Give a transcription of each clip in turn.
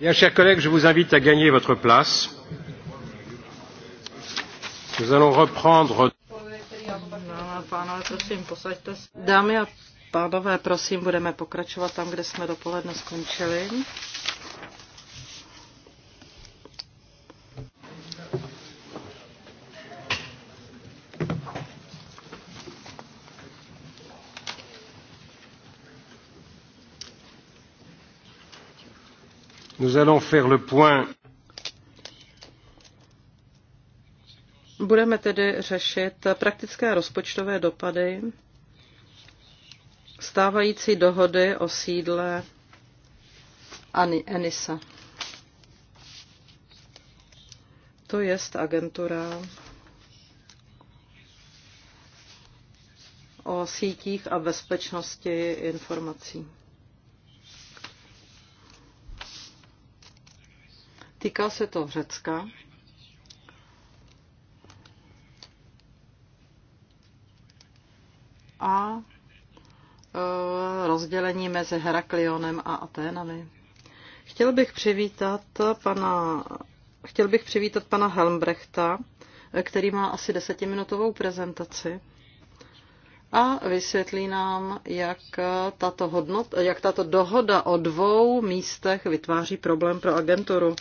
chers collègues, je vous invite à gagner votre place. Nous allons reprendre. No, no, Dámy a pánové, prosím, budeme pokračovat tam, kde jsme dopoledne skončili. nous allons faire le point. Budeme tedy řešit praktické rozpočtové dopady stávající dohody o sídle Ani Enisa. To je agentura o sítích a bezpečnosti informací. Týká se to Řecka. A e, rozdělení mezi Heraklionem a Aténami. Chtěl bych přivítat pana, chtěl bych přivítat pana Helmbrechta, který má asi desetiminutovou prezentaci a vysvětlí nám, jak tato, hodnot, jak tato dohoda o dvou místech vytváří problém pro agenturu.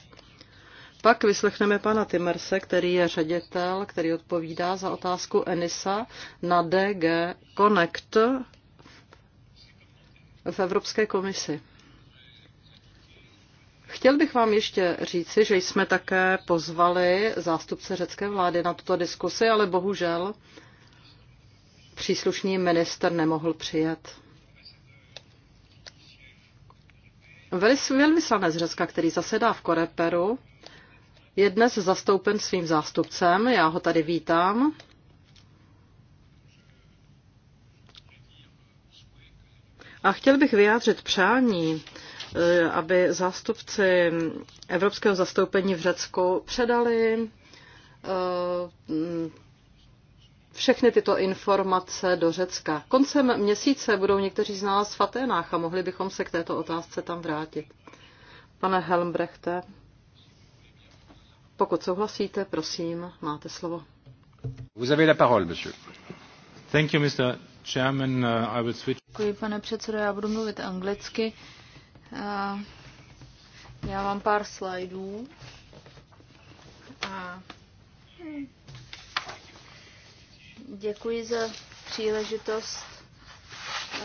Pak vyslechneme pana Timerse, který je ředitel, který odpovídá za otázku Enisa na DG Connect v Evropské komisi. Chtěl bych vám ještě říci, že jsme také pozvali zástupce řecké vlády na tuto diskusi, ale bohužel příslušný minister nemohl přijet. Velvyslanec Řecka, který zasedá v Koreperu, je dnes zastoupen svým zástupcem. Já ho tady vítám. A chtěl bych vyjádřit přání, eh, aby zástupci evropského zastoupení v Řecku předali eh, všechny tyto informace do Řecka. Koncem měsíce budou někteří z nás v Aténách a mohli bychom se k této otázce tam vrátit. Pane Helmbrechte. Pokud souhlasíte, prosím, máte slovo. Vous avez la parole, monsieur. Thank you, Mr. Chairman. Uh, I will switch. Děkuji, pane předsedo, já budu mluvit anglicky. Uh, Já mám pár slajdů. Uh, děkuji za příležitost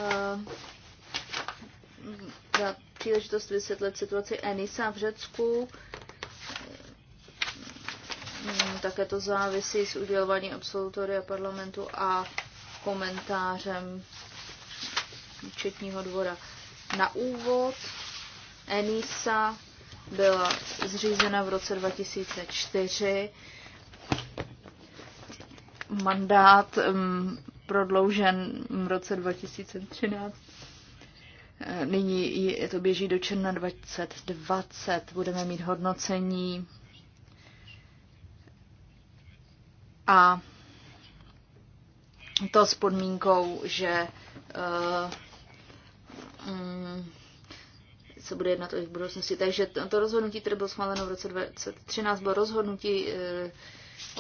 uh, za příležitost vysvětlit situaci Enisa v Řecku Uh, Mm, také to závisí s udělování absolutoria parlamentu a komentářem účetního dvora. Na úvod ENISA byla zřízena v roce 2004. Mandát um, prodloužen v roce 2013. Nyní je to běží do června 2020. Budeme mít hodnocení A to s podmínkou, že uh, um, se bude jednat o jejich budoucnosti. Takže to, to rozhodnutí, které bylo schváleno v roce 2013, bylo rozhodnutí uh,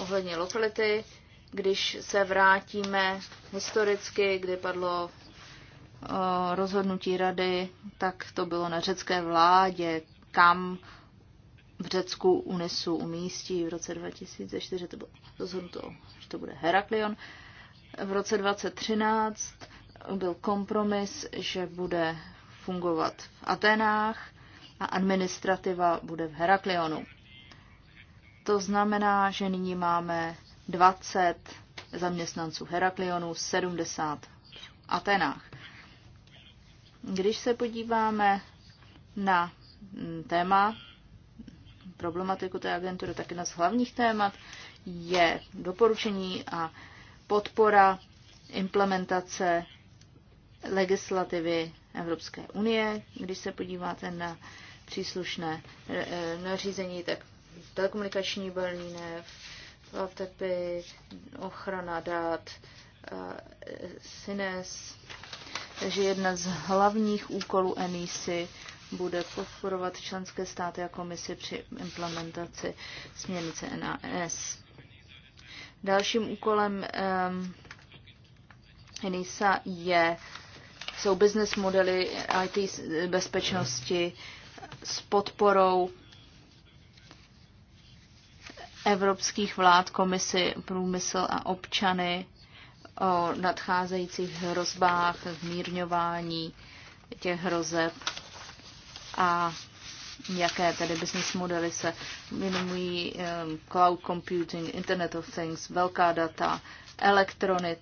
ohledně lokality. Když se vrátíme historicky, kdy padlo uh, rozhodnutí rady, tak to bylo na řecké vládě, kam v Řecku UNESu umístí v roce 2004, to bylo rozhodnuto, že to bude Heraklion. V roce 2013 byl kompromis, že bude fungovat v Atenách a administrativa bude v Heraklionu. To znamená, že nyní máme 20 zaměstnanců Heraklionu, 70 v Atenách. Když se podíváme na téma problematiku té agentury, tak jedna z hlavních témat je doporučení a podpora implementace legislativy Evropské unie. Když se podíváte na příslušné eh, eh, nařízení, tak telekomunikační balínek, laptopy, ochrana dát, eh, SINES. Takže jedna z hlavních úkolů ENISY bude podporovat členské státy a komisi při implementaci směrnice NAS. Dalším úkolem ENISA je, jsou business modely IT bezpečnosti s podporou evropských vlád, komisi, průmysl a občany o nadcházejících hrozbách, zmírňování těch hrozeb a jaké tedy business modely se věnují um, cloud computing, Internet of Things, velká data, elektronic,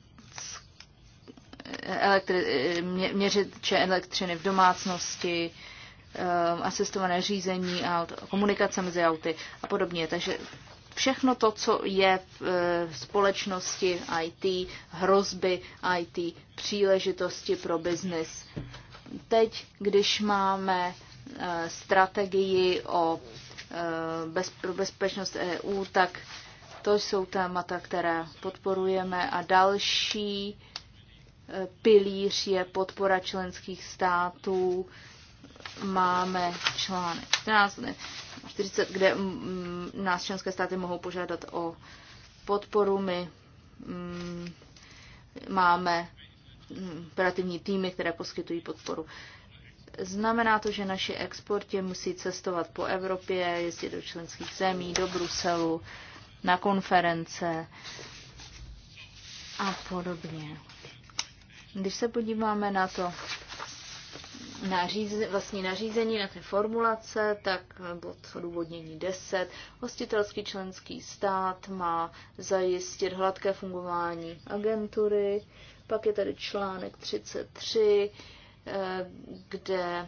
elektri, ehm, mě, měřiče elektřiny v domácnosti, um, asistované řízení a komunikace mezi auty a podobně. Takže všechno to, co je v e, společnosti IT, hrozby IT, příležitosti pro biznis. Teď, když máme Eh, strategii o eh, bezpečnost EU, tak to jsou témata, která podporujeme. A další eh, pilíř je podpora členských států. Máme článek 14, 40, kde mm, mm, nás členské státy mohou požádat o podporu. My mm, máme operativní týmy, které poskytují podporu. Znamená to, že naši exportě musí cestovat po Evropě, jezdit do členských zemí, do Bruselu, na konference a podobně. Když se podíváme na to nařízení, vlastní nařízení, na ty formulace, tak bod odůvodnění 10. Hostitelský členský stát má zajistit hladké fungování agentury. Pak je tady článek 33 Eh, kde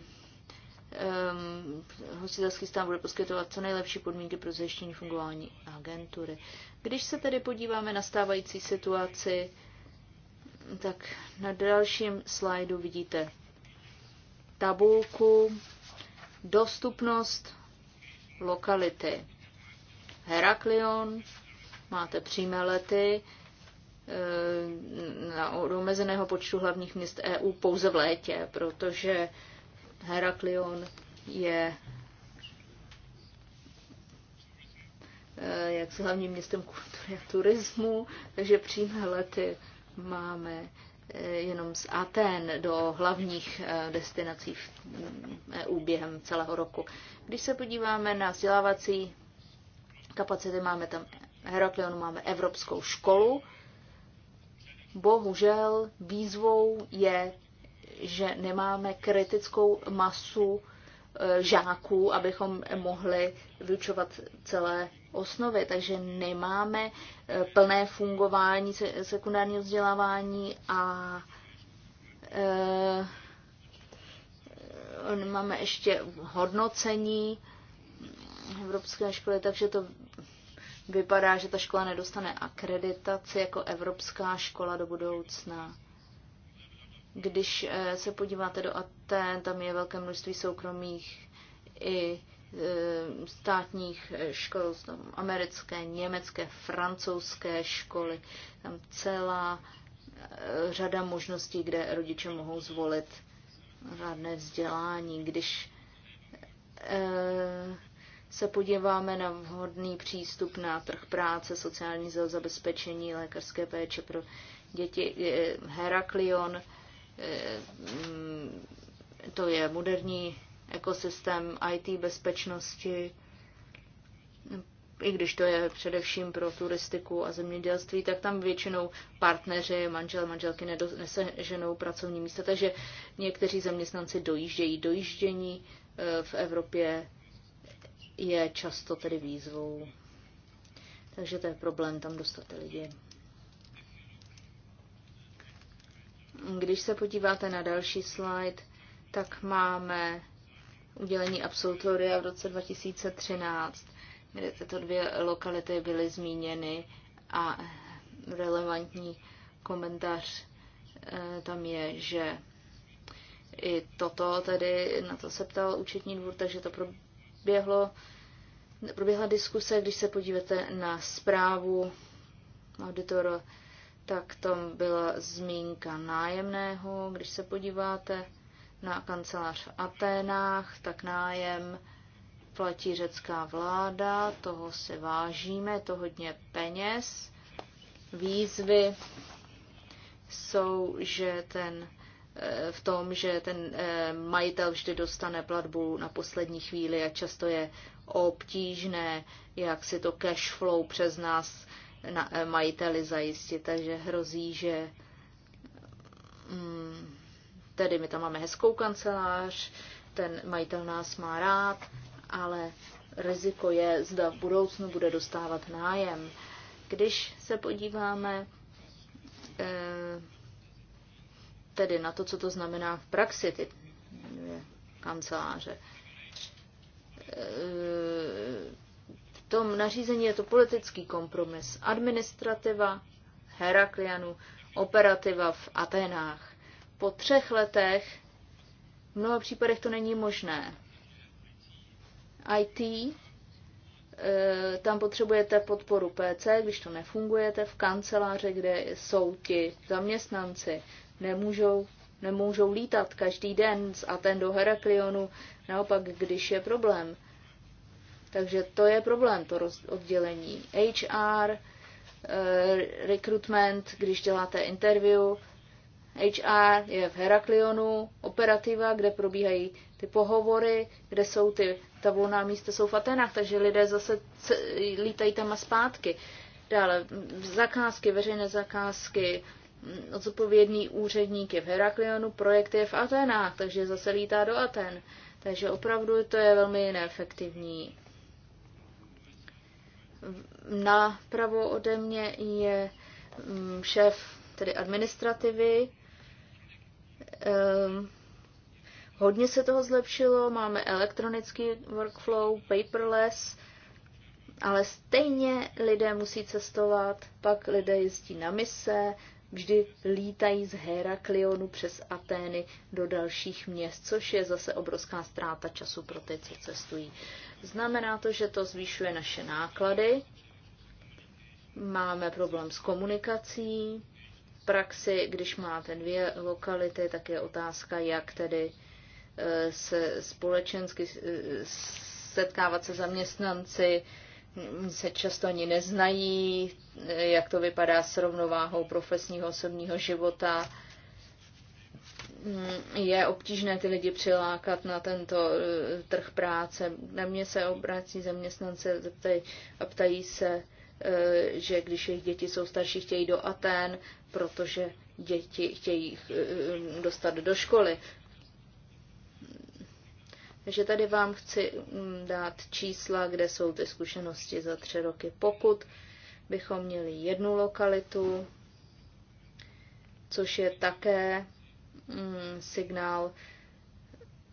um, hostitelský stát bude poskytovat co nejlepší podmínky pro zajištění fungování agentury. Když se tedy podíváme na stávající situaci, tak na dalším slajdu vidíte tabulku dostupnost lokality. Heraklion, máte přímé lety, Eh, na, omezeného počtu hlavních měst EU pouze v létě, protože Heraklion je eh, jak s hlavním městem kultury a turismu, takže přímé lety máme eh, jenom z Aten do hlavních destinací v mm, EU během celého roku. Když se podíváme na vzdělávací kapacity, máme tam Heraklion, máme Evropskou školu, Bohužel výzvou je, že nemáme kritickou masu eh, žáků, abychom mohli vyučovat celé osnovy, takže nemáme eh, plné fungování sekundárního vzdělávání a eh, máme ještě hodnocení Evropské školy, takže to vypadá, že ta škola nedostane akreditaci jako evropská škola do budoucna. Když eh, se podíváte do Aten, tam je velké množství soukromých i eh, státních eh, škol, tam americké, německé, francouzské školy, tam celá řada možností, kde rodiče mohou zvolit řádné vzdělání, když se podíváme na vhodný přístup na trh práce, sociální zabezpečení, lékařské péče pro děti, Heraklion, e, mm, to je moderní ekosystém IT bezpečnosti, i když to je především pro turistiku a zemědělství, tak tam většinou partneři, manžel, manželky neseženou pracovní místa, takže někteří zaměstnanci dojíždějí. Dojíždění e, v Evropě je často tedy výzvou. Takže to je problém tam dostat lidi. Když se podíváte na další slide, tak máme udělení absolutoria v roce 2013, kde tyto dvě lokality byly zmíněny a relevantní komentář eh, tam je, že i toto tedy, na to se ptal účetní dvůr, takže to proběhlo, proběhla diskuse, když se podívete na zprávu auditora, tak tam byla zmínka nájemného. Když se podíváte na kancelář v Aténách, tak nájem platí řecká vláda, toho se vážíme, to hodně peněz. Výzvy jsou, že ten Eh, v tom, že ten eh, majitel vždy dostane platbu na poslední chvíli a často je obtížné, jak si to cash flow přes nás na eh, majiteli zajistit. Takže hrozí, že mm, tedy my tam máme hezkou kancelář, ten majitel nás má rád, ale riziko je, zda v budoucnu bude dostávat nájem. Když se podíváme tedy na to, co to znamená v praxi, ty kanceláře. E, v tom nařízení je to politický kompromis. Administrativa Heraklianu, operativa v Atenách. Po třech letech v mnoha případech to není možné. IT, e, tam potřebujete podporu PC, když to nefungujete, v kanceláři, kde jsou ti zaměstnanci nemůžou, nemůžou lítat každý den z Aten do Heraklionu, naopak, když je problém. Takže to je problém, to oddělení. HR, eh, recruitment, když děláte interview, HR je v Heraklionu, operativa, kde probíhají ty pohovory, kde jsou ty, ta volná místa jsou v Atenách, takže lidé zase lítají tam a zpátky. Dále zakázky, veřejné zakázky, odpovědný úředník je v Heraklionu, projekt je v Atenách, takže zase lítá do Aten. Takže opravdu to je velmi neefektivní. Napravo ode mě je mm, šéf tedy administrativy. Ehm, hodně se toho zlepšilo, máme elektronický workflow, paperless, ale stejně lidé musí cestovat, pak lidé jezdí na mise, vždy lítají z Heraklionu přes Atény do dalších měst, což je zase obrovská ztráta času pro ty, co cestují. Znamená to, že to zvýšuje naše náklady, máme problém s komunikací, v praxi, když máte dvě lokality, tak je otázka, jak tedy eh, se společensky eh, setkávat se zaměstnanci, se často ani neznají, jak to vypadá s rovnováhou profesního osobního života. Je obtížné ty lidi přilákat na tento eh, trh práce. Na mě se obrací zaměstnance a ptají se, eh, že když jejich děti jsou starší, chtějí do Aten, protože děti chtějí eh, dostat do školy. Takže tady vám chci mm, dát čísla, kde jsou ty zkušenosti za tři roky. Pokud bychom měli jednu lokalitu, což je také mm, signál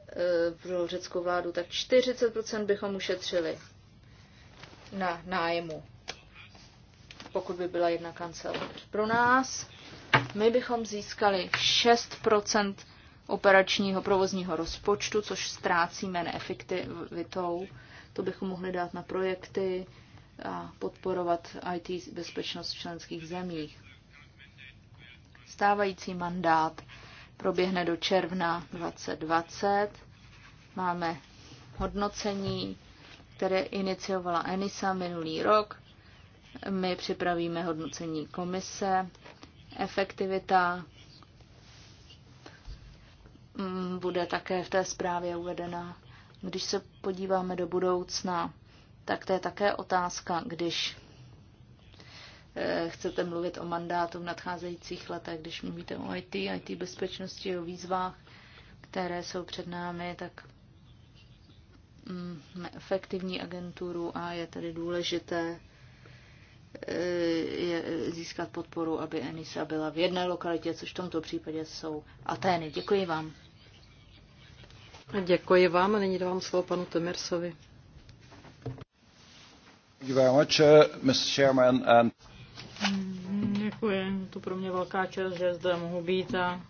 e, pro řeckou vládu, tak 40% bychom ušetřili na nájmu, pokud by byla jedna kancelář. Pro nás my bychom získali 6% operačního provozního rozpočtu, což ztrácíme neefektivitou. To bychom mohli dát na projekty a podporovat IT bezpečnost v členských zemích. Stávající mandát proběhne do června 2020. Máme hodnocení, které iniciovala ENISA minulý rok. My připravíme hodnocení komise. Efektivita Mm, bude také v té zprávě uvedena. Když se podíváme do budoucna, tak to je také otázka, když eh, chcete mluvit o mandátu v nadcházejících letech, když mluvíte o IT, IT bezpečnosti, o výzvách, které jsou před námi, tak mm, efektivní agenturu a je tedy důležité eh, je získat podporu, aby Enisa byla v jedné lokalitě, což v tomto případě jsou Atény. Děkuji vám. Děkuji vám a nyní dávám slovo panu Temersovi. Uh, Děkuji, to pro mě velká čest, že zde mohu být a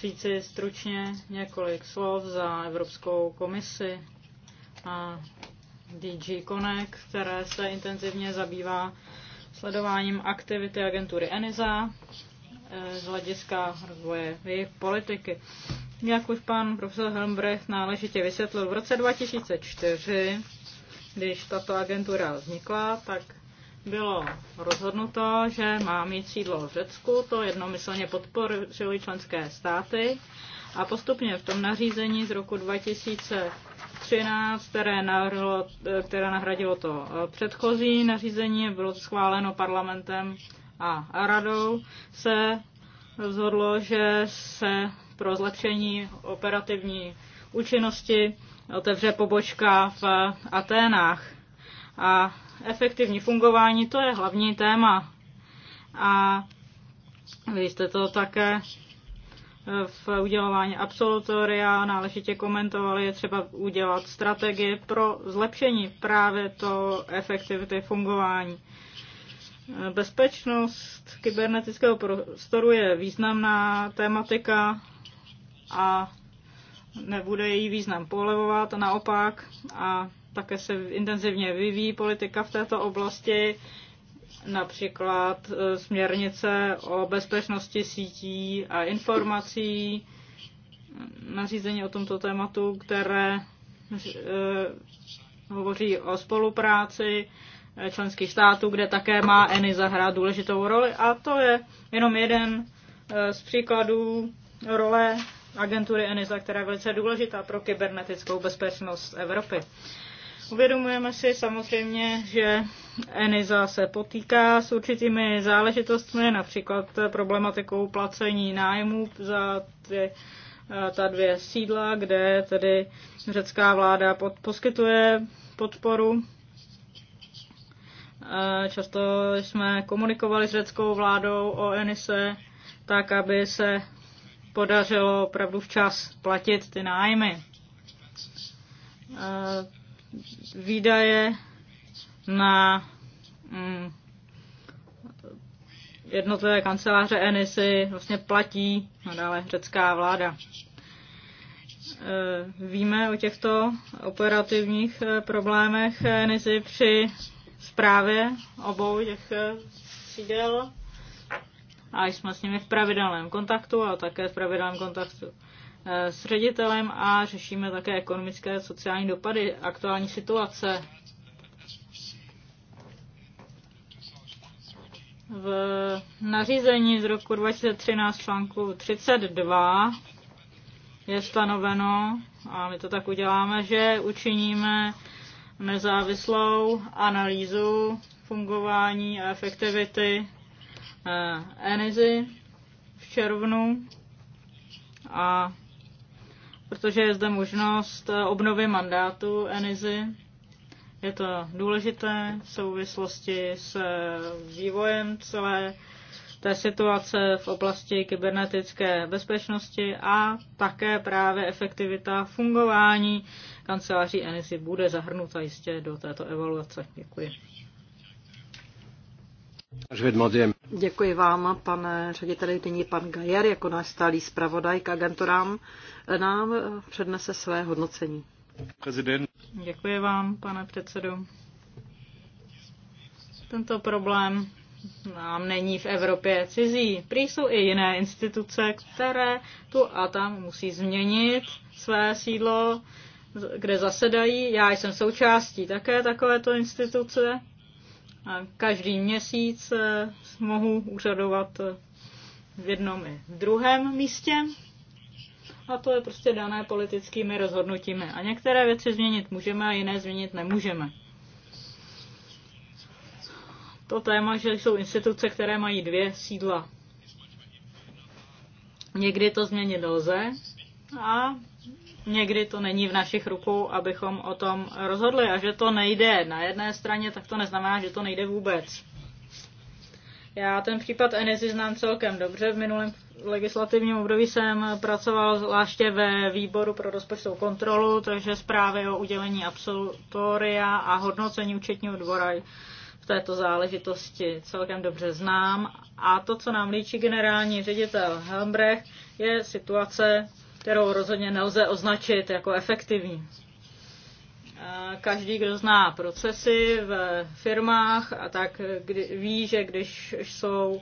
říci stručně několik slov za Evropskou komisi a DG Connect, které se intenzivně zabývá sledováním aktivity agentury ENISA eh, z hlediska rozvoje jejich politiky. Jak už pan profesor Helmbrecht náležitě vysvětlil, v roce 2004, když tato agentura vznikla, tak bylo rozhodnuto, že má mít sídlo v Řecku, to jednomyslně podporují členské státy a postupně v tom nařízení z roku 2013, které, navrhlo, které nahradilo to předchozí nařízení, bylo schváleno parlamentem a radou, se rozhodlo, že se pro zlepšení operativní účinnosti otevře pobočka v Aténách. A efektivní fungování, to je hlavní téma. A vy jste to také eh, v udělování absolutoria náležitě komentovali, je třeba udělat strategie pro zlepšení právě to efektivity fungování. Eh, bezpečnost kybernetického prostoru je významná tématika a nebude její význam polevovat, naopak a také se intenzivně vyvíjí politika v této oblasti, například e, směrnice o bezpečnosti sítí a informací, nařízení o tomto tématu, které e, hovoří o spolupráci e, členských států, kde také má ENI zahrát důležitou roli. A to je jenom jeden z příkladů role agentury ENISA, která je velice důležitá pro kybernetickou bezpečnost Evropy. Uvědomujeme si samozřejmě, že ENISA se potýká s určitými záležitostmi, například problematikou placení nájmů za ty, eh, ta dvě sídla, kde tedy řecká vláda pod, poskytuje podporu. Eh, často jsme komunikovali s řeckou vládou o ENISE tak, aby se podařilo opravdu včas platit ty nájmy. Výdaje na mm, jednotlivé kanceláře Enisy vlastně platí nadále řecká vláda. E, víme o těchto operativních e, problémech Enisy při zprávě obou těch e, sídel a jsme s nimi v pravidelném kontaktu a také v pravidelném kontaktu eh, s ředitelem a řešíme také ekonomické a sociální dopady aktuální situace. V nařízení z roku 2013 článku 32 je stanoveno, a my to tak uděláme, že učiníme nezávislou analýzu fungování a efektivity Eh, Enizy v červnu a protože je zde možnost eh, obnovy mandátu Enizy, je to důležité v souvislosti s eh, vývojem celé té situace v oblasti kybernetické bezpečnosti a také právě efektivita fungování kanceláří ENISY bude zahrnuta jistě do této evaluace. Děkuji. Děkuji vám, pane řediteli. Nyní pan Gajer, jako náš stálý zpravodaj k agenturám, nám přednese své hodnocení. Prezident. Děkuji vám, pane předsedo. Tento problém nám není v Evropě cizí. Prý jsou i jiné instituce, které tu a tam musí změnit své sídlo, kde zasedají. Já jsem součástí také takovéto instituce Každý měsíc eh, mohu úřadovat eh, v jednom i v druhém místě. A to je prostě dané politickými rozhodnutími. A některé věci změnit můžeme a jiné změnit nemůžeme. To téma, že jsou instituce, které mají dvě sídla. Někdy to změnit lze a někdy to není v našich rukou, abychom o tom rozhodli. A že to nejde na jedné straně, tak to neznamená, že to nejde vůbec. Já ten případ Enesy znám celkem dobře. V minulém legislativním období jsem pracoval zvláště ve výboru pro rozpočtovou kontrolu, takže zprávy o udělení absolutoria a hodnocení účetního dvora v této záležitosti celkem dobře znám. A to, co nám líčí generální ředitel Helmbrecht, je situace kterou rozhodně nelze označit jako efektivní. Každý, kdo zná procesy v firmách a tak kdy, ví, že když jsou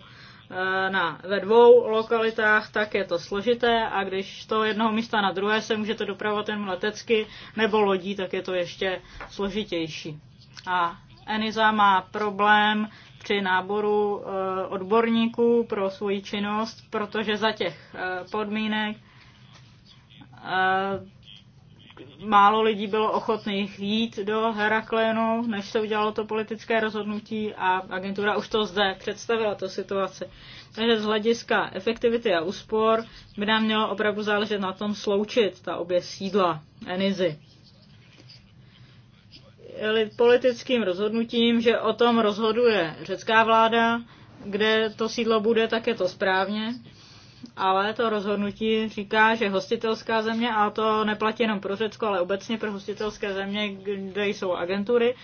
e, na, ve dvou lokalitách, tak je to složité a když to jednoho místa na druhé se můžete dopravovat jen letecky nebo lodí, tak je to ještě složitější. A Eniza má problém při náboru e, odborníků pro svoji činnost, protože za těch e, podmínek Eh, málo lidí bylo ochotných jít do Heraklénu, než se udělalo to politické rozhodnutí a agentura už to zde představila, to situaci. Takže z hlediska efektivity a úspor by nám mělo opravdu záležet na tom sloučit ta obě sídla Enizy. Politickým rozhodnutím, že o tom rozhoduje řecká vláda, kde to sídlo bude, tak je to správně ale to rozhodnutí říká, že hostitelská země, a to neplatí jenom pro Řecko, ale obecně pro hostitelské země, kde jsou agentury,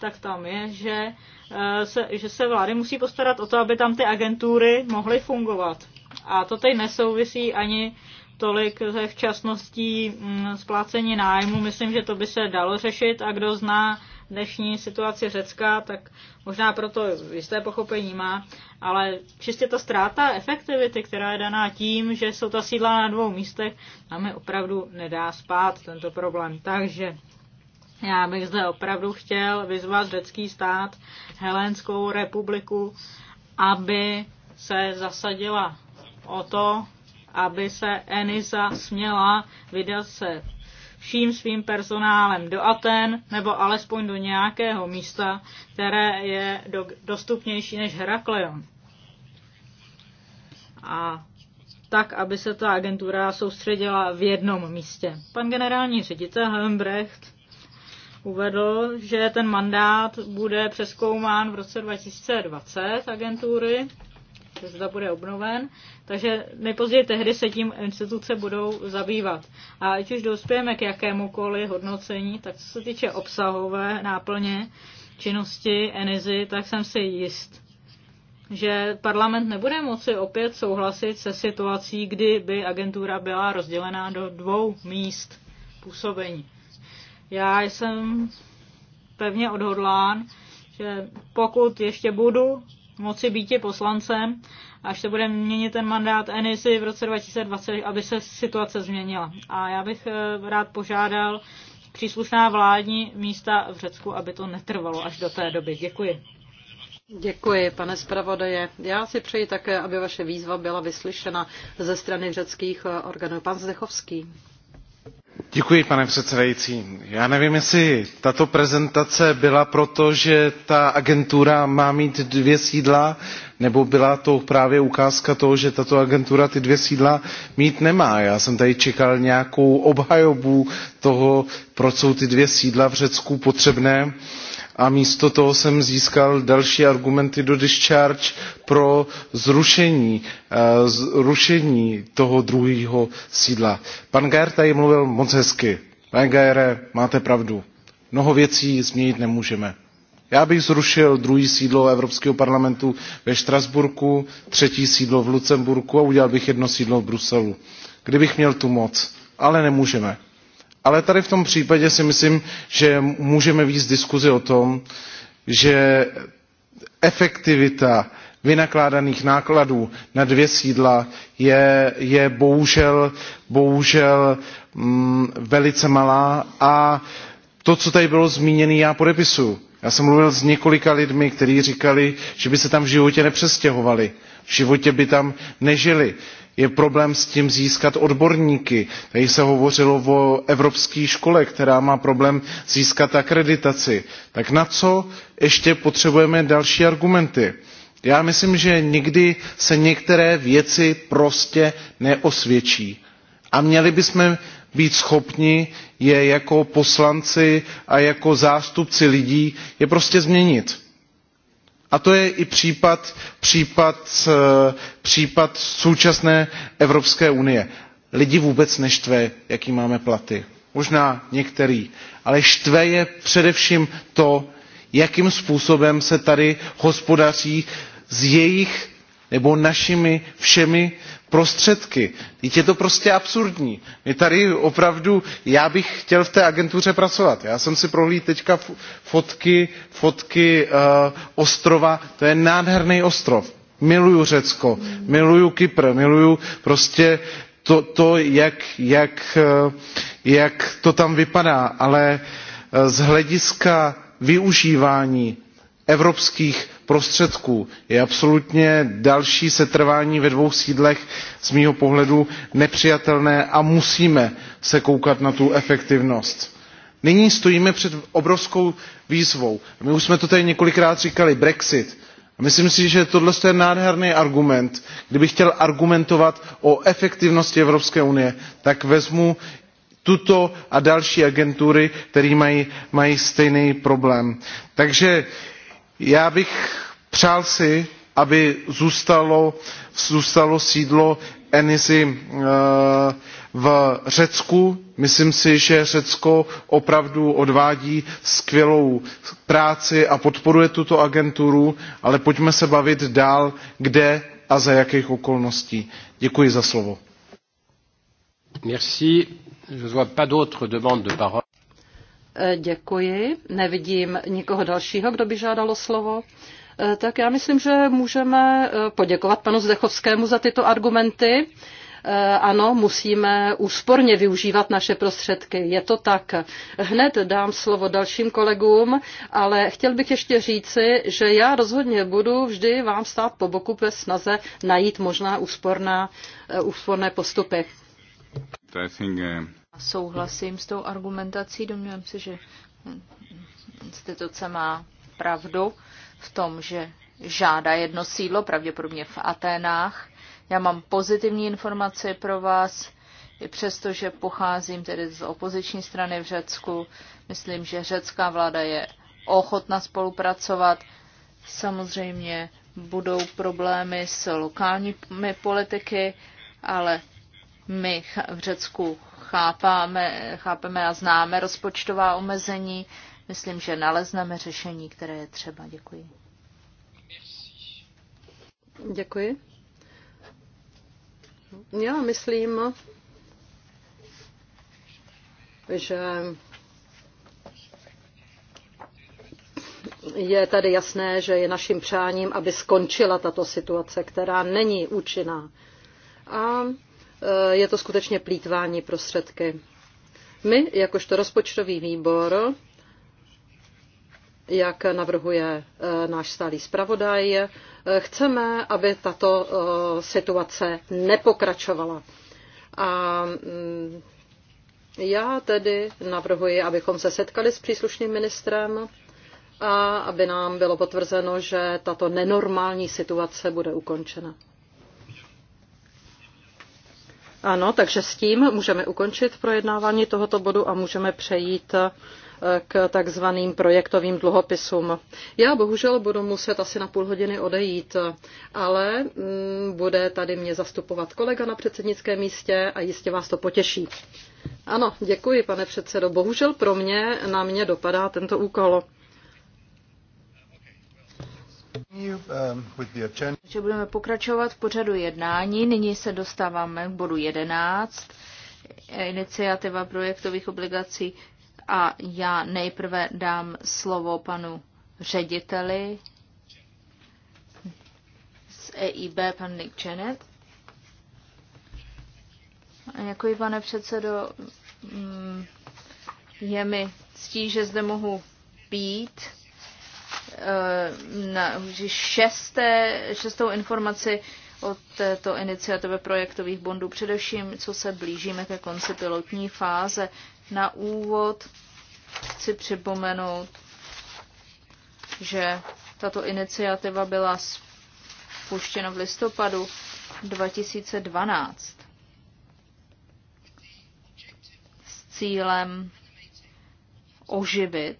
tak tam je, že eh, se, že se vlády musí postarat o to, aby tam ty agentury mohly fungovat. A to teď nesouvisí ani tolik ze včasností mm, splácení nájmu. Myslím, že to by se dalo řešit a kdo zná dnešní situaci Řecka, tak možná proto jisté pochopení má, ale čistě ta ztráta efektivity, která je daná tím, že jsou ta sídla na dvou místech, nám je opravdu nedá spát tento problém. Takže já bych zde opravdu chtěl vyzvat řecký stát, Helenskou republiku, aby se zasadila o to, aby se Enisa směla vydat se vším svým personálem do Aten nebo alespoň do nějakého místa, které je do, dostupnější než Herakleion. A tak, aby se ta agentura soustředila v jednom místě. Pan generální ředitel Helmbrecht uvedl, že ten mandát bude přeskoumán v roce 2020 agentury zda bude obnoven, takže nejpozději tehdy se tím instituce budou zabývat. A ať už dospějeme k jakémukoliv hodnocení, tak co se týče obsahové náplně činnosti ENIZY, tak jsem si jist, že parlament nebude moci opět souhlasit se situací, kdy by agentura byla rozdělená do dvou míst působení. Já jsem pevně odhodlán, že pokud ještě budu moci být poslancem, až se bude měnit ten mandát Enisy v roce 2020, aby se situace změnila. A já bych eh, rád požádal příslušná vládní místa v Řecku, aby to netrvalo až do té doby. Děkuji. Děkuji, pane zpravodaje. Já si přeji také, aby vaše výzva byla vyslyšena ze strany řeckých eh, orgánů. Pan Zdechovský pane předsedající já nevím jestli tato prezentace byla proto že ta agentura má mít dvě sídla nebo byla to právě ukázka toho že tato agentura ta dvě sídla mít nemá. já jsem tady čekal nějakou obhajobu toho proč jsou ta dvě sídla v řecku potřebná a místo toho jsem získal další argumenty do discharge pro zrušení, eh, zrušení toho druhého sídla. Pan Gajer tady mluvil moc hezky. Pane Gajere, máte pravdu. Mnoho věcí změnit nemůžeme. Já bych zrušil druhé sídlo Evropského parlamentu ve Štrasburku, třetí sídlo v Lucemburku a udělal bych jedno sídlo v Bruselu, kdybych měl tu moc. Ale nemůžeme ale tady v tom případě si myslím že můžeme vést diskuzi o tom že efektivita vynakládaných nákladů na dvě sídla je, je bohužel, bohužel mm, velice malá a to, co tady bylo zmíněno, já podepisuju. Já jsem mluvil s několika lidmi, kteří říkali, že by se tam v životě nepřestěhovali, v životě by tam nežili, je problém s tím získat odborníky. Tady se hovořilo o evropské škole, která má problém získat akreditaci. Tak na co ještě potřebujeme další argumenty? Já myslím, že nikdy se některé věci prostě neosvědčí. A měli bychom být schopni je jako poslanci a jako zástupci lidí je prostě změnit a to je i eh, případ, současné evropské unie. lidi vůbec neštve jaké máme platy možná některé ale štve je především to jakým způsobem se tady hospodaří s jejich nebo našimi všemi prostředky. vždyť je to prostě absurdní. my tady opravdu já bych chtěl v té agentuře pracovat. já jsem si prohlídl teď fotky, fotky uh, ostrova to je nádherný ostrov. miluju řecko miluju kypr miluju prostě to, to jak, jak, eh, jak to tam vypadá ale eh, z hlediska využívání evropských prostředků je absolutně další setrvání ve dvou sídlech z mého pohledu nepřijatelné a musíme se dívat na tu efektivnost. nyní stojíme před obrovskou výzvou my už jsme to tady několikrát říkali brexit a myslím si že tohle je nádherný argument kdybych chtěl argumentovat o efektivnosti evropské unie tak vezmu tuto a další agentury které mají, mají stejný problém. takže já bych přál si aby zůstalo, sídlo enisy eh, v řecku myslím si že řecko opravdu odvádí skvělou práci a podporuje tuto agenturu ale pojďme se bavit dál kde a za jakých okolností. děkuji za slovo. E, děkuji. Nevidím nikoho dalšího, kdo by žádalo slovo. E, tak já myslím, že můžeme e, poděkovat panu Zdechovskému za tyto argumenty. Ano, musíme úsporně využívat naše prostředky. Je to tak. Hned dám slovo dalším kolegům, ale chtěl bych ještě říci, že já rozhodně budu vždy vám stát po boku ve snaze najít možná úsporná, úsporné postupy. Souhlasím s tou argumentací, domnívám se, že instituce má pravdu v tom, že žádá jedno sídlo, pravděpodobně v Aténách. Já mám pozitivní informace pro vás, i přesto, že pocházím tedy z opoziční strany v Řecku. Myslím, že řecká vláda je ochotna spolupracovat. Samozřejmě budou problémy s lokálními politiky, ale my v Řecku chápáme, chápeme a známe rozpočtová omezení, myslím, že nalezneme řešení, které je třeba. Děkuji. Děkuji. Já myslím, že je tady jasné, že je naším přáním, aby skončila tato situace, která není účinná. A Eh, je to skutečně plítvání prostředky. My, jakožto rozpočtový výbor, jak navrhuje eh, náš stálý zpravodaj, eh, chceme, aby tato situace nepokračovala. A mm, já tedy navrhuji, abychom se setkali s příslušným ministrem a aby nám bylo potvrzeno, že tato nenormální situace bude ukončena. Ano, takže s tím můžeme ukončit projednávání tohoto bodu a můžeme přejít eh, k takzvaným projektovým dluhopisům. Já bohužel budu muset asi na půl hodiny odejít, ale mm, bude tady mě zastupovat kolega na předsednickém místě a jistě vás to potěší. Ano, děkuji, pane předsedo. Bohužel pro mě na mě dopadá tento úkol. Takže budeme pokračovat v pořadu jednání. Nyní se dostáváme k bodu 11. Iniciativa projektových obligací a já nejprve dám slovo panu řediteli z EIB, pan Nick Janet. Děkuji, pane předsedo. Mm, je mi ctí, že zde mohu být Eh, na šesté, šestou informaci od této iniciativy projektových bondů, především co se blížíme ke konci pilotní fáze. Na úvod chci připomenout, že tato iniciativa byla spuštěna v listopadu 2012 s cílem oživit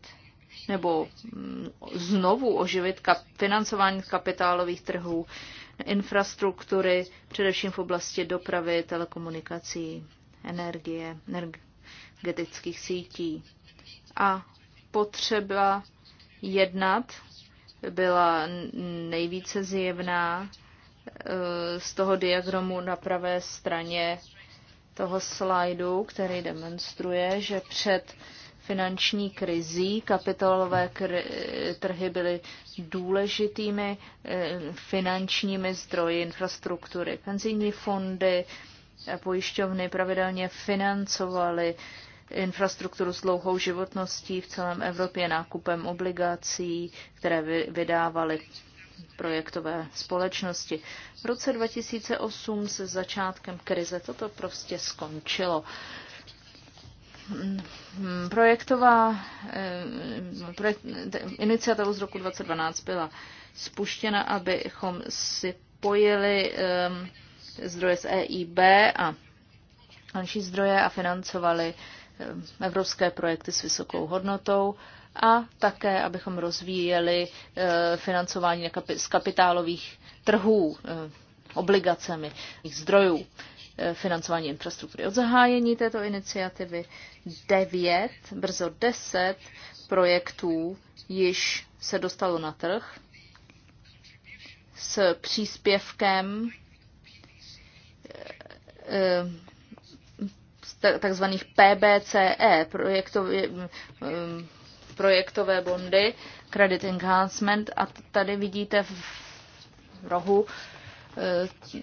nebo mm, znovu oživit kap, financování kapitálových trhů, infrastruktury, především v oblasti dopravy, telekomunikací, energie, energetických sítí. A potřeba jednat byla nejvíce zjevná eh, z toho diagramu na pravé straně toho slajdu, který demonstruje, že před finanční krizí. kapitálové kri- trhy byly důležitými eh, finančními zdroji infrastruktury. Penzijní fondy a pojišťovny pravidelně financovaly infrastrukturu s dlouhou životností v celém Evropě nákupem obligací, které vydávaly projektové společnosti. V roce 2008 se začátkem krize toto prostě skončilo. Mm, projektová eh, projekt, iniciativa z roku 2012 byla spuštěna, abychom si pojili eh, zdroje z EIB a další zdroje a financovali eh, evropské projekty s vysokou hodnotou a také, abychom rozvíjeli financování z kapitálových trhů obligacemi zdrojů financování infrastruktury od zahájení této iniciativy. 9, brzo 10 projektů již se dostalo na trh s příspěvkem eh, eh, takzvaných PBCE, projektové, eh, projektové bondy, Credit Enhancement, a tady vidíte v rohu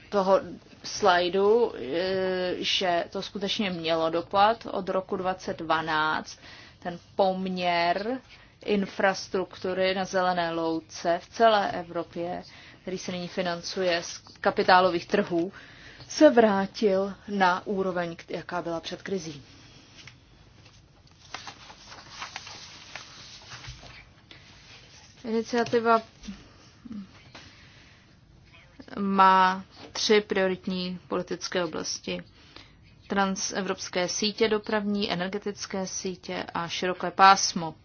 toho slajdu, eh, že to skutečně mělo dopad od roku 2012. Ten poměr infrastruktury na zelené louce v celé Evropě, který se nyní financuje z kapitálových trhů, se vrátil na úroveň, jaká byla před krizí. Iniciativa má tři prioritní politické oblasti. Transevropské sítě dopravní, energetické sítě a široké pásmo.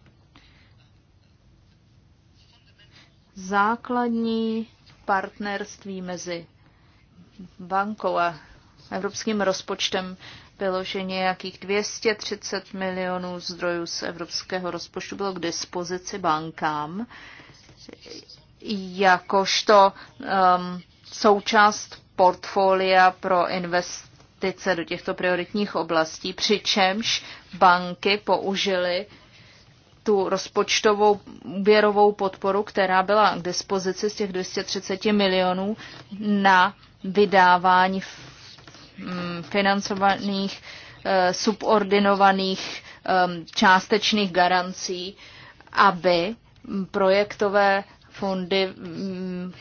Základní partnerství mezi bankou a evropským rozpočtem bylo, že nějakých 230 milionů zdrojů z evropského rozpočtu bylo k dispozici bankám, jakožto um, součást portfolia pro investice do těchto prioritních oblastí, přičemž banky použily tu rozpočtovou úvěrovou podporu, která byla k dispozici z těch 230 milionů na vydávání mm, financovaných eh, subordinovaných eh, částečných garancí, aby projektové fondy mm,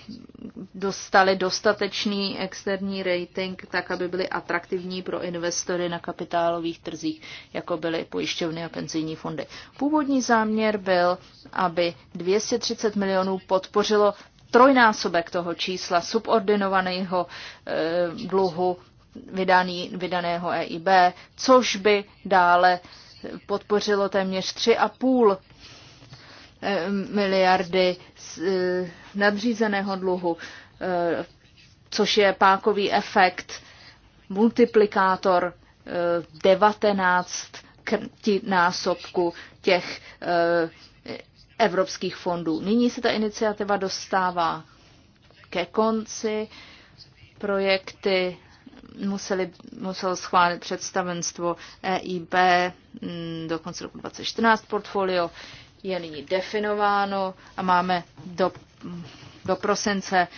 dostaly dostatečný externí rating, tak aby byly atraktivní pro investory na kapitálových trzích, jako byly pojišťovny a penzijní fondy. Původní záměr byl, aby 230 milionů podpořilo trojnásobek toho čísla subordinovaného eh, dluhu vydaný, vydaného EIB, což by dále podpořilo téměř 3,5 Eh, miliardy z eh, nadřízeného dluhu, eh, což je pákový efekt, multiplikátor 19 násobku těch evropských fondů. Nyní se ta iniciativa dostává ke konci. Projekty museli, muselo schválit představenstvo EIB mm, do konce roku 2014 portfolio je nyní definováno a máme do, do prosince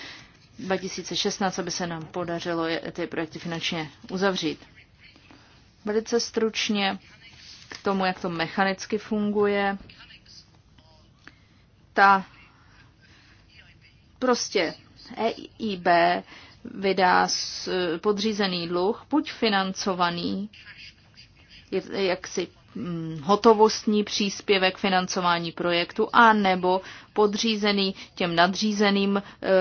2016, aby se nám podařilo ty projekty finančně uzavřít. Velice stručně k tomu, jak to mechanicky funguje. Ta prostě EIB vydá podřízený dluh, buď financovaný jaksi Mm, hotovostní příspěvek financování projektu a nebo podřízený těm nadřízeným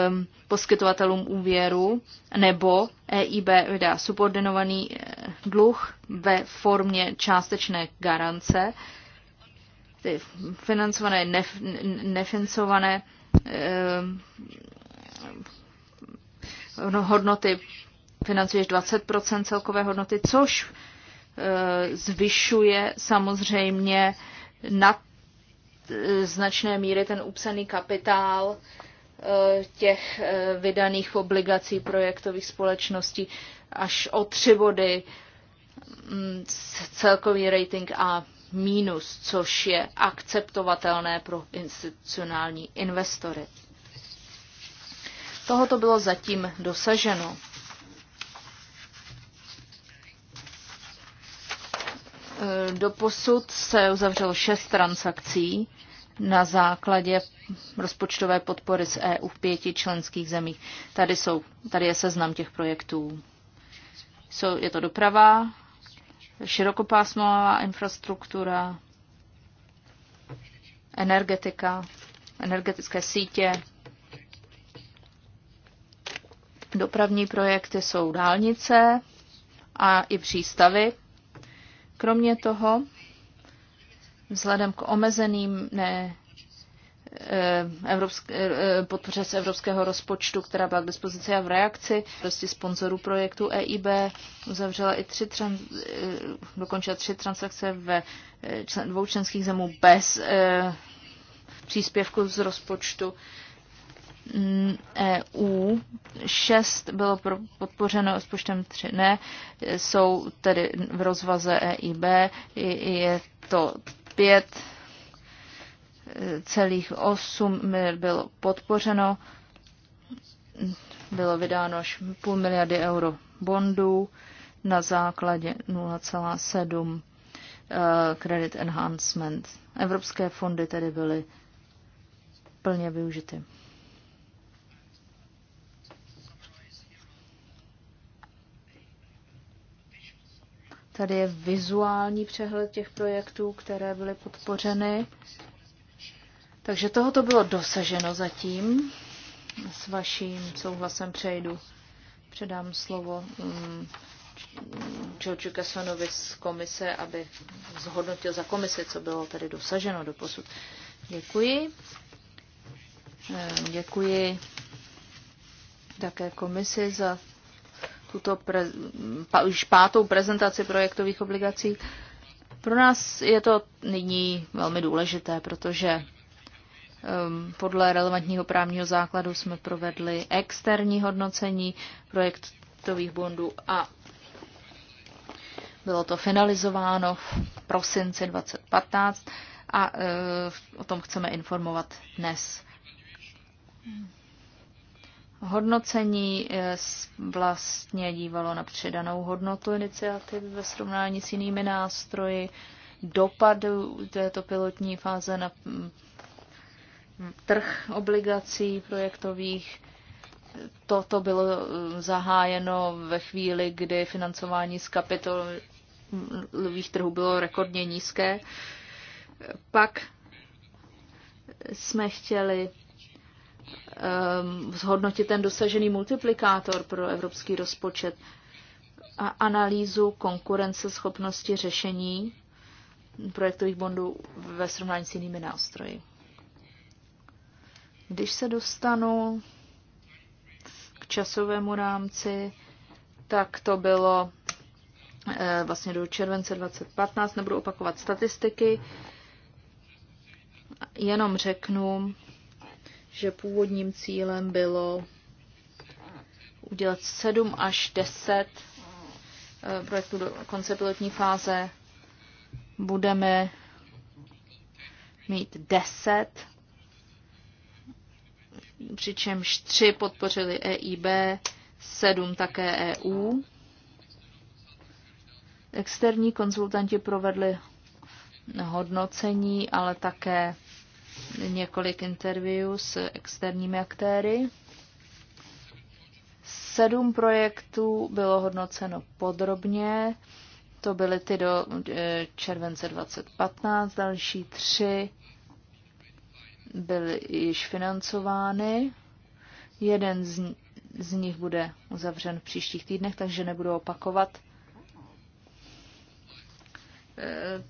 um, poskytovatelům úvěru nebo EIB vydá subordinovaný eh, dluh ve formě částečné garance. Ty financované, nef, nefinancované um, hodnoty financuješ 20% celkové hodnoty, což Eh, zvyšuje samozřejmě na eh, značné míry ten upsaný kapitál eh, těch vydaných obligací projektových společností až o tři body mm, celkový rating A mínus, což je akceptovatelné pro institucionální investory. Tohoto bylo zatím dosaženo. Eh, doposud se uzavřelo šest transakcí na základě rozpočtové podpory z EU v pěti členských zemích. Tady, jsou, tady je seznam těch projektů. Jsou, je to doprava, širokopásmová infrastruktura, energetika, energetické sítě, dopravní projekty jsou dálnice a i přístavy. Kromě toho, vzhledem k omezeným ne, eh, evropské, eh, eh, podpoře z evropského rozpočtu, která byla k dispozici a v reakci prostě sponzorů projektu EIB uzavřela i tři trans, dokončila tři transakce ve dvou členských zemů bez příspěvku z rozpočtu Mm, EU, šest bylo pro, podpořeno počtem tři ne, jsou tedy v rozvaze EIB, je to pět celých osm bylo podpořeno, bylo vydáno až půl miliardy euro bondů na základě 0,7 credit eh, enhancement. Evropské fondy tedy byly plně využity. Tady je vizuální přehled těch projektů, které byly podpořeny. Takže tohoto bylo dosaženo zatím. S vaším souhlasem přejdu. Předám slovo um, mm, Kesvenovi z komise, aby zhodnotil za komisi, co bylo tady dosaženo do posud. Děkuji. Ehm, děkuji také komisi za tuto pre, pa, už pátou prezentaci projektových obligací. Pro nás je to nyní velmi důležité, protože um, podle relevantního právního základu jsme provedli externí hodnocení projektových bondů a bylo to finalizováno v prosinci 2015 a uh, o tom chceme informovat dnes hodnocení eh, vlastně dívalo na přidanou hodnotu iniciativy ve srovnání s jinými nástroji, dopadu této pilotní fáze na mm, trh obligací projektových. Toto bylo eh, zahájeno ve chvíli, kdy financování z kapitolových trhů bylo rekordně nízké. Pak jsme chtěli Um, zhodnotit ten dosažený multiplikátor pro evropský rozpočet a analýzu konkurenceschopnosti řešení projektových bondů ve srovnání s jinými nástroji. Když se dostanu k časovému rámci, tak to bylo eh, vlastně do července 2015, nebudu opakovat statistiky, jenom řeknu, že původním cílem bylo udělat 7 až 10 eh, projektů do konce pilotní fáze. Budeme mít 10, přičemž 3 podpořili EIB, 7 také EU. Externí konzultanti provedli hodnocení, ale také několik interview s externími aktéry. Sedm projektů bylo hodnoceno podrobně. To byly ty do e, července 2015, další tři byly již financovány. Jeden z, z nich bude uzavřen v příštích týdnech, takže nebudu opakovat Eh,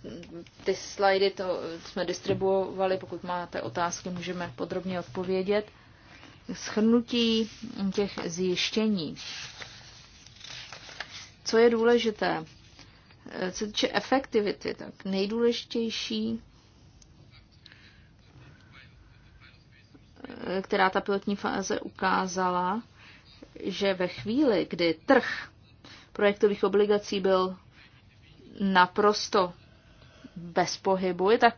ty slajdy to jsme distribuovali, pokud máte otázky, můžeme podrobně odpovědět. Schrnutí těch zjištění. Co je důležité? Eh, co týče efektivity, tak nejdůležitější, eh, která ta pilotní fáze ukázala, že ve chvíli, kdy trh projektových obligací byl naprosto bez pohybu, je tak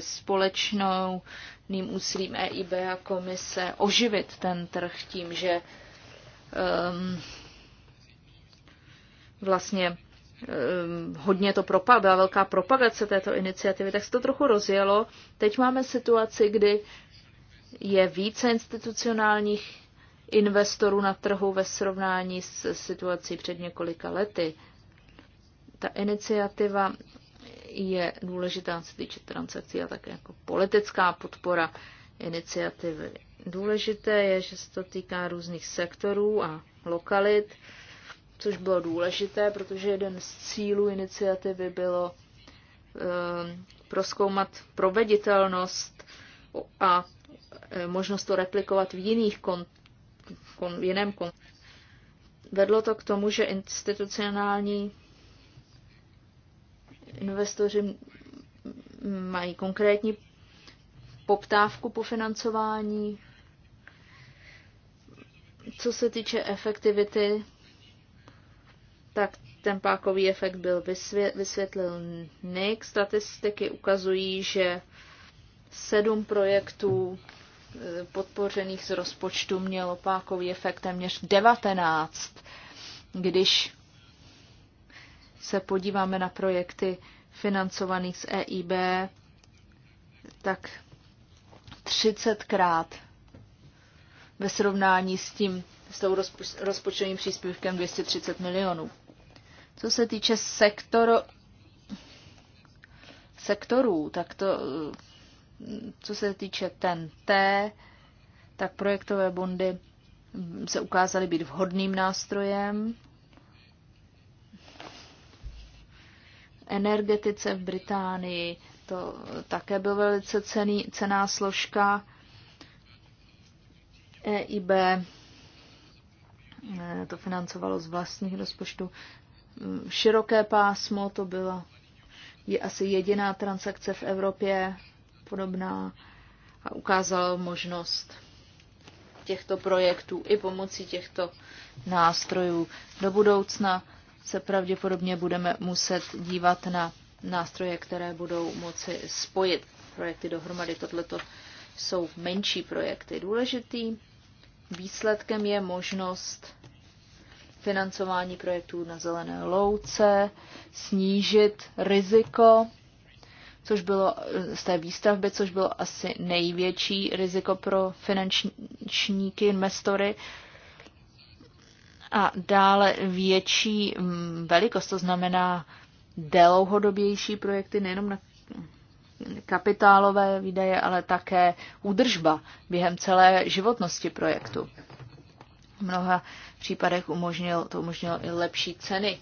společnou ným úsilím EIB a komise oživit ten trh tím, že um, vlastně um, hodně to propa- byla velká propagace této iniciativy, tak se to trochu rozjelo. Teď máme situaci, kdy je více institucionálních investorů na trhu ve srovnání s situací před několika lety. Ta iniciativa je důležitá, co se týče transakcí a také jako politická podpora iniciativy. Důležité je, že se to týká různých sektorů a lokalit, což bylo důležité, protože jeden z cílů iniciativy bylo ehm, proskoumat proveditelnost a ehm, možnost to replikovat v jiných kon, kon, v jiném kontextu. Vedlo to k tomu, že institucionální Investoři mají konkrétní poptávku po financování. Co se týče efektivity, tak ten pákový efekt byl vysvětlil Nick. Statistiky ukazují, že sedm projektů e, podpořených z rozpočtu mělo pákový efekt téměř 19, když se podíváme na projekty financované z EIB, tak 30krát ve srovnání s tím s tou rozpo, rozpočtovým příspěvkem 230 milionů. Co se týče sektor, sektorů, tak to, co se týče ten T, tak projektové bondy se ukázaly být vhodným nástrojem. energetice v Británii. To také byl velice cený, cená složka EIB. E, to financovalo z vlastních rozpočtů. Široké pásmo to byla je asi jediná transakce v Evropě podobná a ukázalo možnost těchto projektů i pomocí těchto nástrojů do budoucna se pravděpodobně budeme muset dívat na nástroje, které budou moci spojit projekty dohromady. Tohleto jsou menší projekty. Důležitý výsledkem je možnost financování projektů na zelené louce, snížit riziko, což bylo eh, z té výstavby, což bylo asi největší riziko pro finančníky, investory, a dále větší mm, velikost, to znamená delouhodobější projekty, nejenom na kapitálové výdaje, ale také údržba během celé životnosti projektu. V mnoha případech umožnil, to umožnilo i lepší ceny,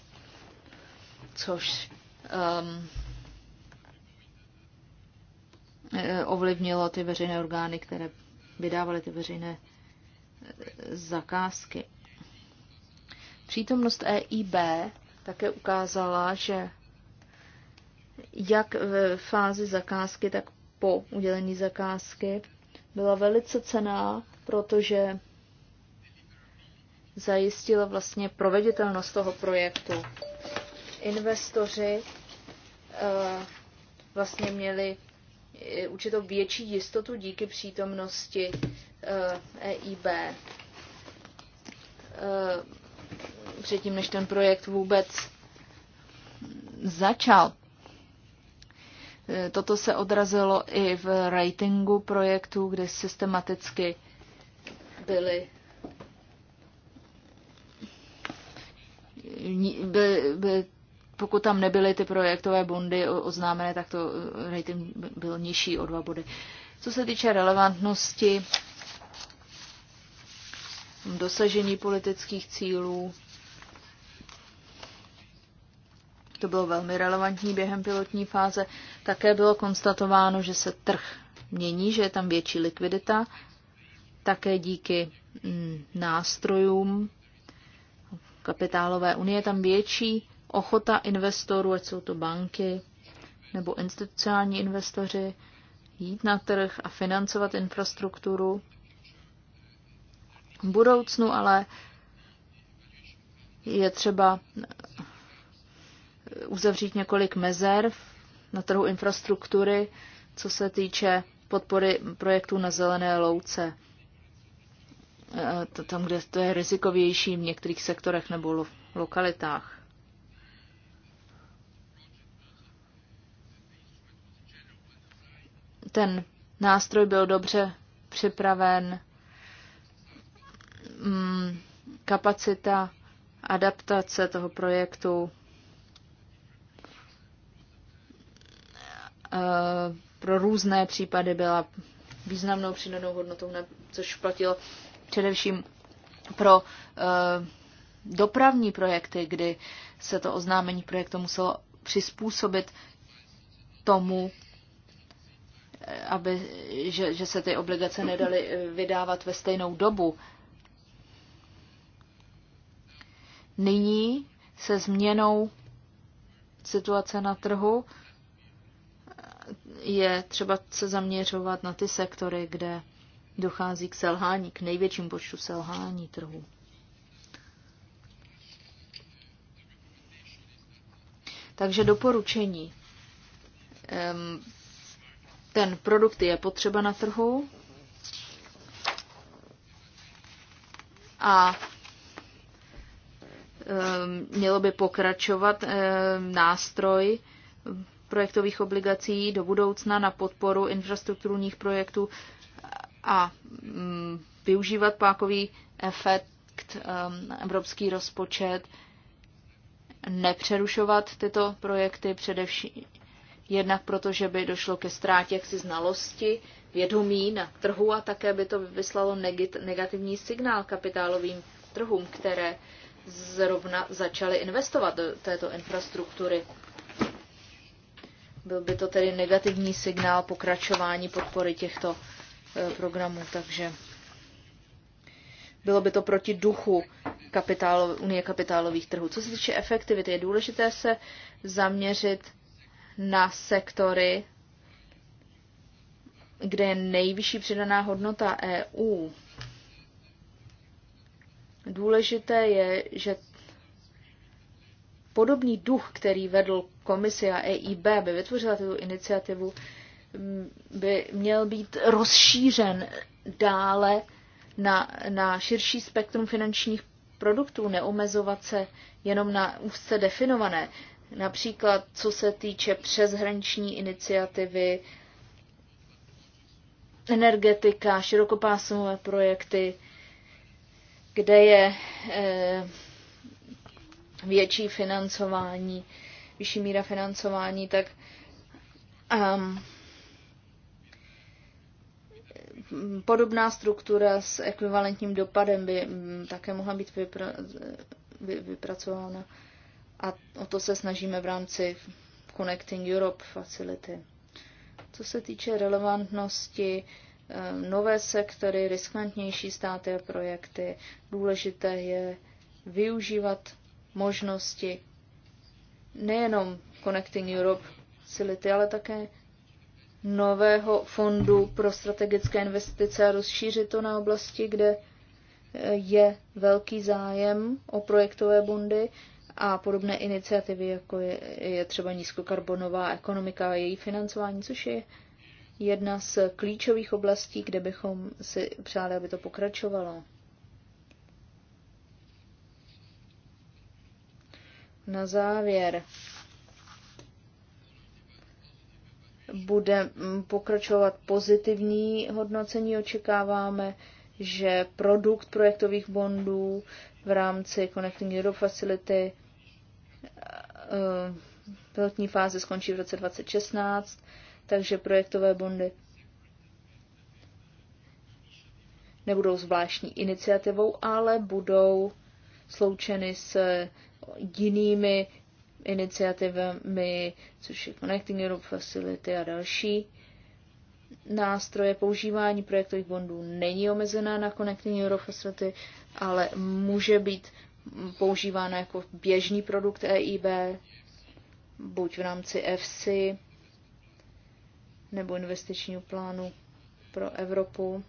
což um, eh, ovlivnilo ty veřejné orgány, které vydávaly ty veřejné eh, zakázky. Přítomnost EIB také ukázala, že jak v fázi zakázky, tak po udělení zakázky byla velice cená, protože zajistila vlastně proveditelnost toho projektu. Investoři eh, vlastně měli eh, určitou větší jistotu díky přítomnosti EIB eh, e předtím, než ten projekt vůbec začal. E, toto se odrazilo i v ratingu projektu, kde systematicky byly by, by, pokud tam nebyly ty projektové bondy oznámené, tak to e, rating byl nižší o dva body. Co se týče relevantnosti, dosažení politických cílů, to bylo velmi relevantní během pilotní fáze, také bylo konstatováno, že se trh mění, že je tam větší likvidita, také díky mm, nástrojům kapitálové unie je tam větší ochota investorů, ať jsou to banky nebo institucionální investoři, jít na trh a financovat infrastrukturu. V budoucnu ale je třeba uzavřít několik mezer na trhu infrastruktury, co se týče podpory projektů na zelené louce. E, tam, kde to je rizikovější v některých sektorech nebo lo lokalitách. Ten nástroj byl dobře připraven. Mm, kapacita adaptace toho projektu Eh, pro různé případy byla významnou přidanou hodnotou, což platilo především pro eh, dopravní projekty, kdy se to oznámení projektu muselo přizpůsobit tomu, eh, aby, že, že se ty obligace nedaly vydávat ve stejnou dobu. Nyní se změnou situace na trhu je třeba se zaměřovat na ty sektory, kde dochází k selhání, k největším počtu selhání trhu. Takže doporučení. Ten produkt je potřeba na trhu a mělo by pokračovat nástroj projektových obligací do budoucna na podporu infrastrukturních projektů a mm, využívat pákový efekt, um, evropský rozpočet, nepřerušovat tyto projekty především jednak proto, že by došlo ke ztrátě jaksi znalosti, vědomí na trhu a také by to vyslalo negativní signál kapitálovým trhům, které zrovna začaly investovat do této infrastruktury. Byl by to tedy negativní signál pokračování podpory těchto eh, programů, takže bylo by to proti duchu kapitálo, Unie kapitálových trhů. Co se týče efektivity, je důležité se zaměřit na sektory, kde je nejvyšší přidaná hodnota EU. Důležité je, že podobný duch, který vedl komisi a EIB, aby vytvořila tuto iniciativu, mm, by měl být rozšířen dále na, na širší spektrum finančních produktů, neomezovat se jenom na úzce definované. Například co se týče přeshraniční iniciativy, energetika, širokopásmové projekty, kde je Eh, větší financování, vyšší míra financování, tak um, podobná struktura s ekvivalentním dopadem by mm, také mohla být vypra- vy- vypracována. A o to se snažíme v rámci Connecting Europe Facility. Co se týče relevantnosti, um, nové sektory, riskantnější státy a projekty, důležité je využívat možnosti nejenom Connecting Europe Facility, ale také nového fondu pro strategické investice a rozšířit to na oblasti, kde eh, je velký zájem o projektové bondy a podobné iniciativy, jako je, je třeba nízkokarbonová ekonomika a její financování, což je jedna z klíčových oblastí, kde bychom si přáli, aby to pokračovalo. na závěr bude pokračovat pozitivní hodnocení. Očekáváme, že produkt projektových bondů v rámci Connecting Europe Facility eh, pilotní fáze skončí v roce 2016, takže projektové bondy nebudou zvláštní iniciativou, ale budou sloučeny s jinými iniciativami, což je Connecting Europe Facility a další nástroje používání projektových bondů není omezená na Connecting Europe Facility, ale může být používána jako běžný produkt EIB, buď v rámci EFSI nebo investičního plánu pro Evropu.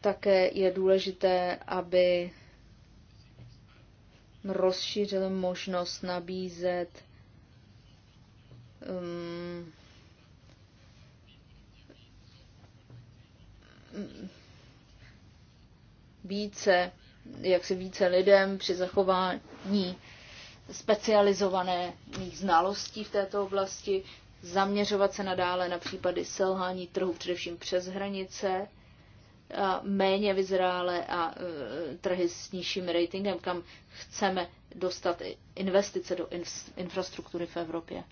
Také je důležité, aby rozšířil možnost nabízet um, více, jak si více lidem při zachování specializovaných znalostí v této oblasti, zaměřovat se nadále na případy selhání trhu, především přes hranice, méně vyzrále a e, trhy s nižším ratingem, kam chceme dostat investice do infrastruktury v Evropě.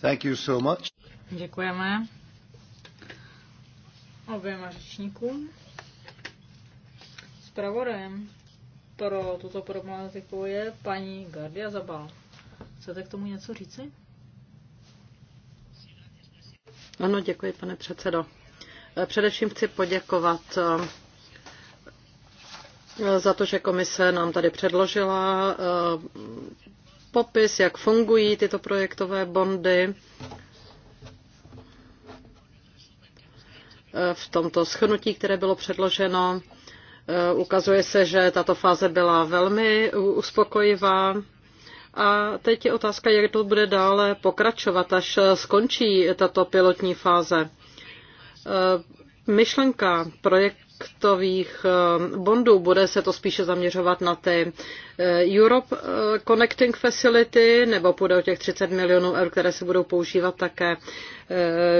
Thank you so much. Děkujeme oběma řečníkům. Spravodajem pro tuto problematiku je paní Gardia Zabal. Chcete k tomu něco říci? Ano, děkuji, pane předsedo. Eh, především chci poděkovat eh, za to, že komise nám tady předložila eh, popis, jak fungují tyto projektové bondy. V tomto schrnutí, které bylo předloženo, ukazuje se, že tato fáze byla velmi uspokojivá a teď je otázka, jak to bude dále pokračovat, až skončí tato pilotní fáze. Eh, myšlenka projektových eh, bondů bude se to spíše zaměřovat na ty eh, Europe Connecting Facility, nebo půjde o těch 30 milionů eur, které se budou používat také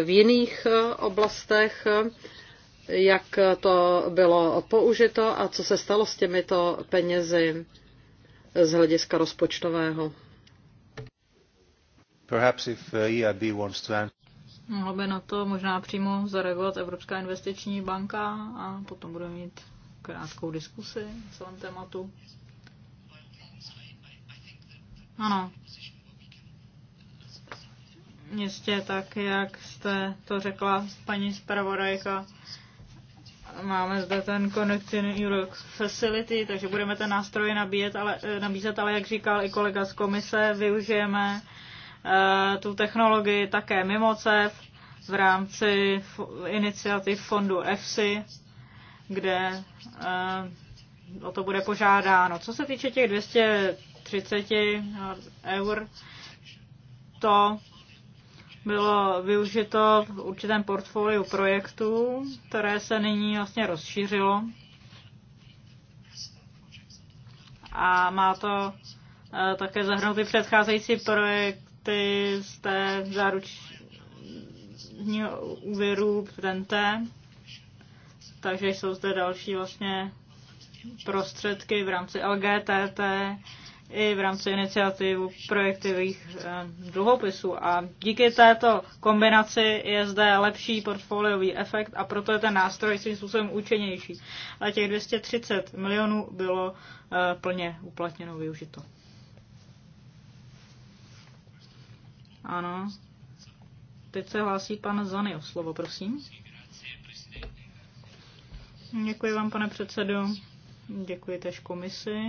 v jiných oblastech jak to bylo použito a co se stalo s těmito penězi z hlediska rozpočtového. Perhaps if uh, EIB wants to by na to možná přímo zareagovat Evropská investiční banka a potom budeme mít krátkou diskusi o celém tématu. Ano. Jistě tak, jak jste to řekla paní zpravodajka, máme zde ten Connecting Europe Facility, takže budeme ten nástroj nabíjet, ale, eh, nabízet, ale jak říkal i kolega z komise, využijeme eh, tu technologii také mimo CEF v rámci iniciativ fondu EFSI, kde eh, o to bude požádáno. Co se týče těch 230 eur, to bylo využito v určitém portfoliu projektů, které se nyní vlastně rozšířilo. A má to eh, také zahrnout i předcházející projekty z té záručního úvěru TNT. Takže jsou zde další vlastně prostředky v rámci LGTT, i v rámci iniciativu projektových eh, dluhopisů. A díky této kombinaci je zde lepší portfoliový efekt a proto je ten nástroj svým způsobem účinnější. A těch 230 milionů bylo eh, plně uplatněno, využito. Ano. Teď se hlásí pan Zany o slovo, prosím. Děkuji vám, pane předsedo. Děkuji tež komisi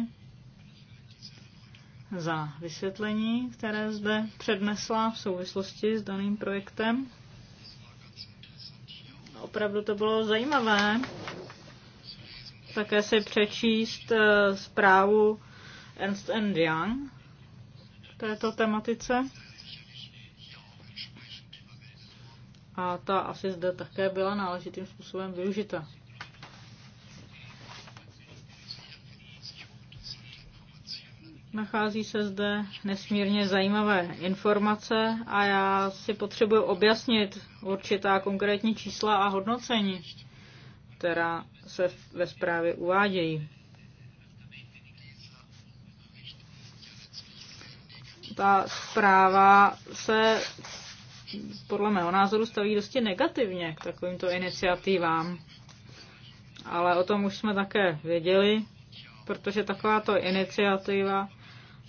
za vysvětlení, které zde přednesla v souvislosti s daným projektem. Opravdu to bylo zajímavé také si přečíst eh, zprávu Ernst and Young k této tematice. A ta asi zde také byla náležitým způsobem využita. Nachází se zde nesmírně zajímavé informace a já si potřebuji objasnit určitá konkrétní čísla a hodnocení, která se ve zprávě uvádějí. Ta zpráva se podle mého názoru staví dosti negativně k takovýmto iniciativám. Ale o tom už jsme také věděli, protože takováto iniciativa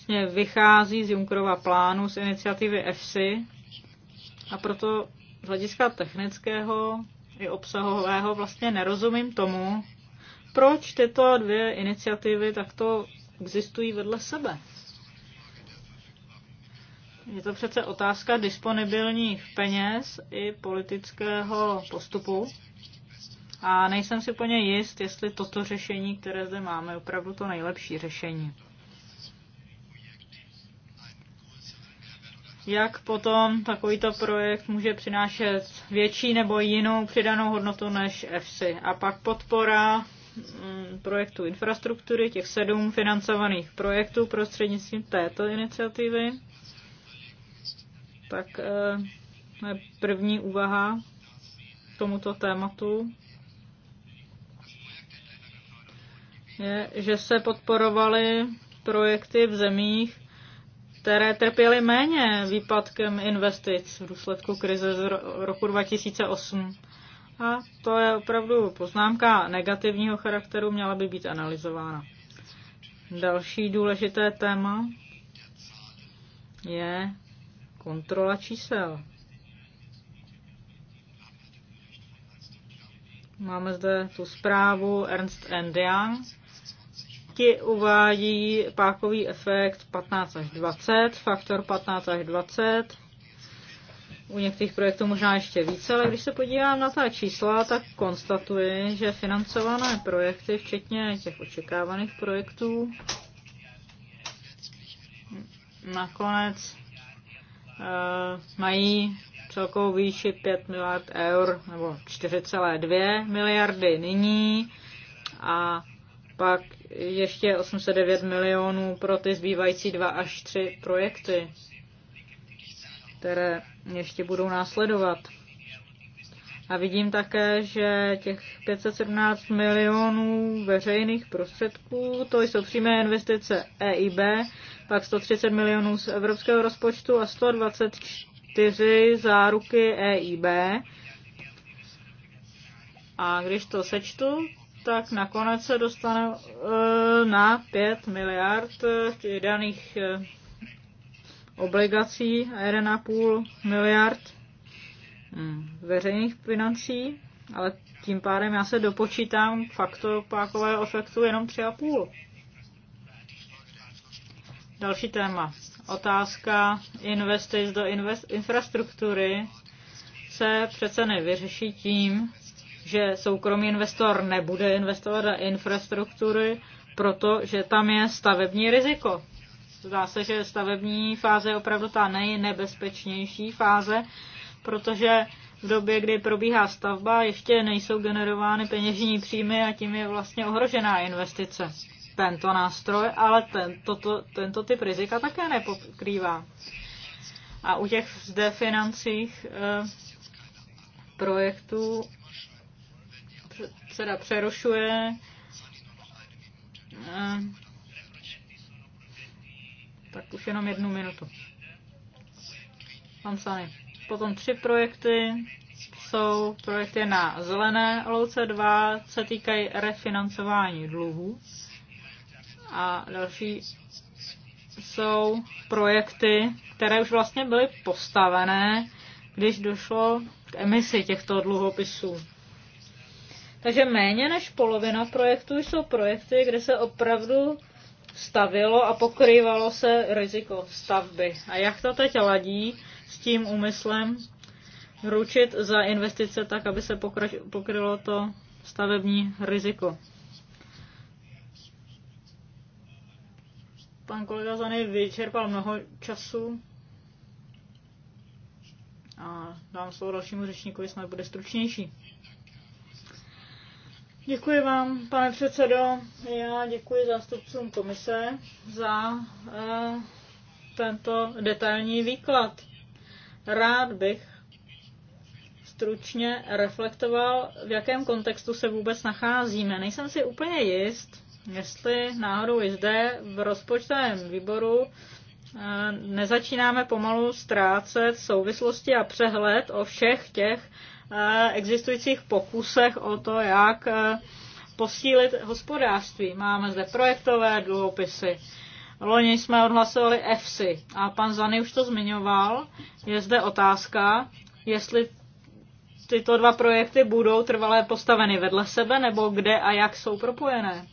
vlastně vychází z Junkerova plánu z iniciativy EFSI a proto z hlediska technického i obsahového vlastně nerozumím tomu, proč tyto dvě iniciativy takto existují vedle sebe. Je to přece otázka disponibilních peněz i politického postupu. A nejsem si po něj jist, jestli toto řešení, které zde máme, je opravdu to nejlepší řešení. jak potom takovýto projekt může přinášet větší nebo jinou přidanou hodnotu než EFSI. A pak podpora mm, projektu infrastruktury, těch sedm financovaných projektů prostřednictvím této iniciativy. Tak eh, je první úvaha k tomuto tématu je, že se podporovaly projekty v zemích, které trpěly méně výpadkem investic v důsledku krize z roku 2008. A to je opravdu poznámka negativního charakteru, měla by být analyzována. Další důležité téma je kontrola čísel. Máme zde tu zprávu Ernst Young, Ti uvádí pákový efekt 15 až 20, faktor 15 až 20. U některých projektů možná ještě více, ale když se podívám na ta čísla, tak konstatuji, že financované projekty, včetně těch očekávaných projektů, nakonec eh, mají celkovou výši 5 miliard eur nebo 4,2 miliardy nyní a pak ještě 809 milionů pro ty zbývající dva až tři projekty, které ještě budou následovat. A vidím také, že těch 517 milionů veřejných prostředků, to jsou přímé investice EIB, pak 130 milionů z evropského rozpočtu a 124 záruky EIB. A když to sečtu, tak nakonec se dostane eh, na 5 miliard eh, daných eh, obligací a 1,5 miliard hm, veřejných financí, ale tím pádem já se dopočítám faktor pákového efektu jenom 3,5. Další téma. Otázka investic do invest- infrastruktury se přece nevyřeší tím, že soukromý investor nebude investovat do infrastruktury, protože tam je stavební riziko. Zdá se, že stavební fáze je opravdu ta nejnebezpečnější fáze, protože v době, kdy probíhá stavba, ještě nejsou generovány peněžní příjmy a tím je vlastně ohrožená investice. Tento nástroj, ale ten, toto, tento typ rizika také nepokrývá. A u těch zde financích e, projektů Předseda přerušuje. Tak už jenom jednu minutu. Pan sami. Potom tři projekty jsou projekty na zelené louce 2, se týkají refinancování dluhů. A další jsou projekty, které už vlastně byly postavené, když došlo k emisi těchto dluhopisů. Takže méně než polovina projektů jsou projekty, kde se opravdu stavilo a pokrývalo se riziko stavby. A jak to teď ladí s tím úmyslem ručit za investice tak, aby se pokrylo to stavební riziko? Pan kolega Zany vyčerpal mnoho času. A dám slovo dalšímu řečníkovi, snad bude stručnější. Děkuji vám, pane předsedo. Já děkuji zástupcům komise za eh, tento detailní výklad. Rád bych stručně reflektoval, v jakém kontextu se vůbec nacházíme. Nejsem si úplně jist, jestli náhodou i zde v rozpočtovém výboru eh, nezačínáme pomalu ztrácet souvislosti a přehled o všech těch Eh, existujících pokusech o to, jak eh, posílit hospodářství. Máme zde projektové dluhopisy. Loni jsme odhlasovali EFSI a pan Zany už to zmiňoval. Je zde otázka, jestli tyto dva projekty budou trvalé postaveny vedle sebe nebo kde a jak jsou propojené.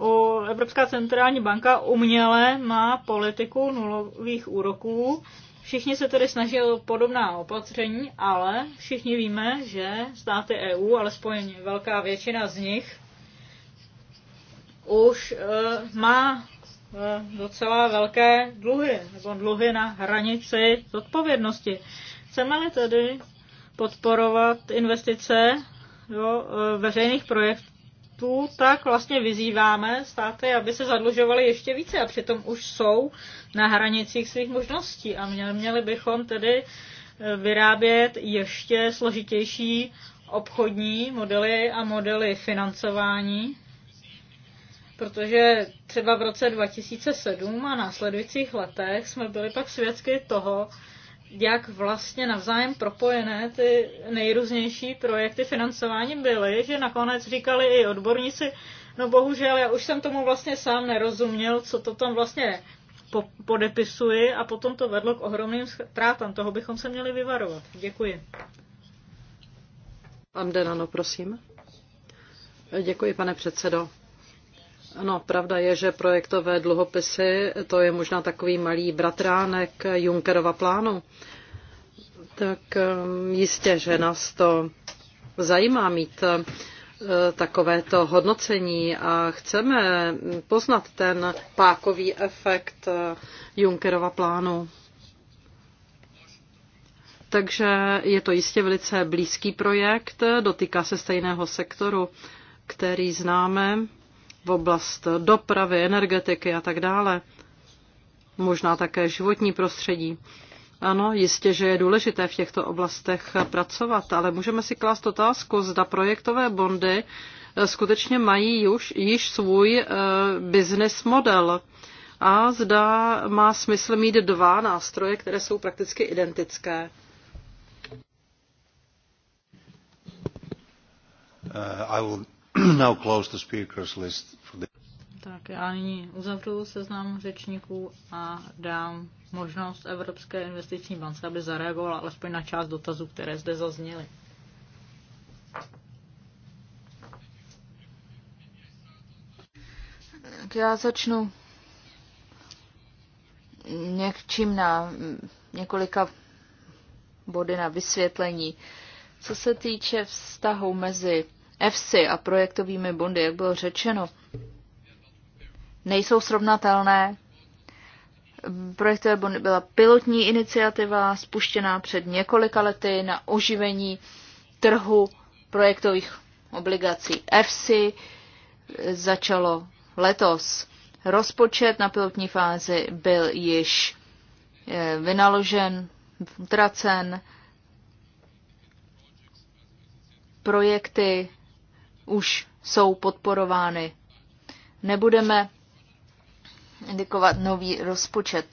U Evropská centrální banka uměle má politiku nulových úroků, Všichni se tedy snaží o podobná opatření, ale všichni víme, že státy EU, alespoň velká většina z nich, už e, má e, docela velké dluhy, nebo dluhy na hranici zodpovědnosti. Chceme-li tedy podporovat investice do e, veřejných projektů, státu, tak vlastně vyzýváme státy, aby se zadlužovaly ještě více a přitom už jsou na hranicích svých možností a měli bychom tedy eh, vyrábět ještě složitější obchodní modely a modely financování, protože třeba v roce 2007 a následujících letech jsme byli pak svědky toho, jak vlastně navzájem propojené ty nejrůznější projekty financování byly, že nakonec říkali i odborníci, no bohužel já už jsem tomu vlastně sám nerozuměl, co to tam vlastně po- podepisuji a potom to vedlo k ohromným ztrátám. Toho bychom se měli vyvarovat. Děkuji. Pan Denano, prosím. Děkuji, pane předsedo. Ano, pravda je, že projektové dluhopisy, to je možná takový malý bratránek Junckerova plánu. Tak ehm, jistě, že nás to zajímá mít eh, takovéto hodnocení a chceme poznat ten pákový efekt eh, Junckerova plánu. Takže je to jistě velice blízký projekt, dotýká se stejného sektoru, který známe v oblast dopravy, energetiky a tak dále. Možná také životní prostředí. Ano, jistě, že je důležité v těchto oblastech pracovat, ale můžeme si klást otázku, zda projektové bondy eh, skutečně mají už, již svůj eh, business model a zda má smysl mít dva nástroje, které jsou prakticky identické. Uh, I will now close the speakers list for the... Tak já nyní uzavřu seznam řečníků a dám možnost Evropské investiční bance, aby zareagovala alespoň na část dotazů, které zde zazněly. Tak já začnu někčím na několika body na vysvětlení. Co se týče vztahu mezi FC a projektovými bondy, jak bylo řečeno, nejsou srovnatelné. Projektové bondy byla pilotní iniciativa spuštěná před několika lety na oživení trhu projektových obligací FC. Začalo letos. Rozpočet na pilotní fázi byl již eh, vynaložen, utracen. Projekty už jsou podporovány. Nebudeme indikovat nový rozpočet.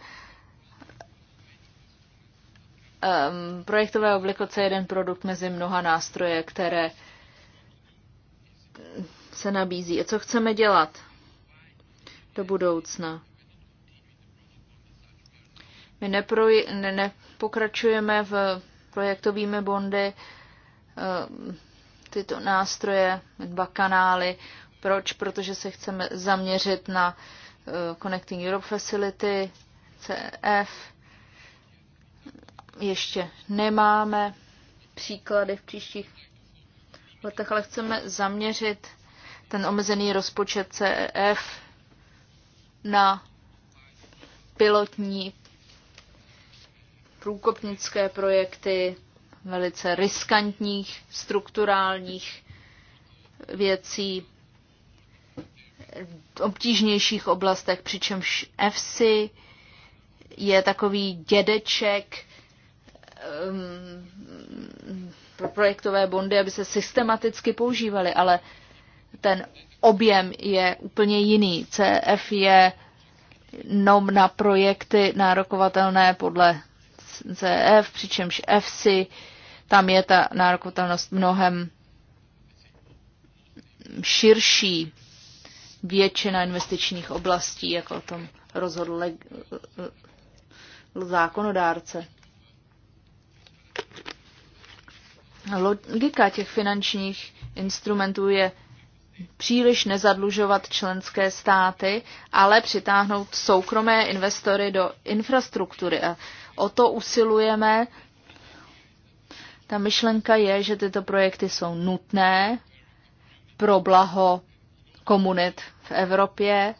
Um, projektové oblikoce je jeden produkt mezi mnoha nástroje, které se nabízí. A co chceme dělat do budoucna? My neproj- ne- nepokračujeme v projektovými bondy. Um, tyto nástroje, dva kanály. Proč? Protože se chceme zaměřit na eh, Connecting Europe Facility, CF. E Ještě nemáme příklady v příštích letech, ale chceme zaměřit ten omezený rozpočet CEF na pilotní průkopnické projekty, velice riskantních strukturálních věcí, obtížnějších oblastech, přičemž FC je takový dědeček um, pro projektové bondy, aby se systematicky používaly, ale ten objem je úplně jiný. CF je nom na projekty nárokovatelné podle CF, přičemž FC tam je ta nárokovatelnost mnohem širší většina investičních oblastí, jako o tom rozhodl leg- eh, eh, zákonodárce. Logika těch finančních instrumentů je příliš nezadlužovat členské státy, ale přitáhnout soukromé investory do infrastruktury. A o to usilujeme ta myšlenka je, že tyto projekty jsou nutné pro blaho komunit v Evropě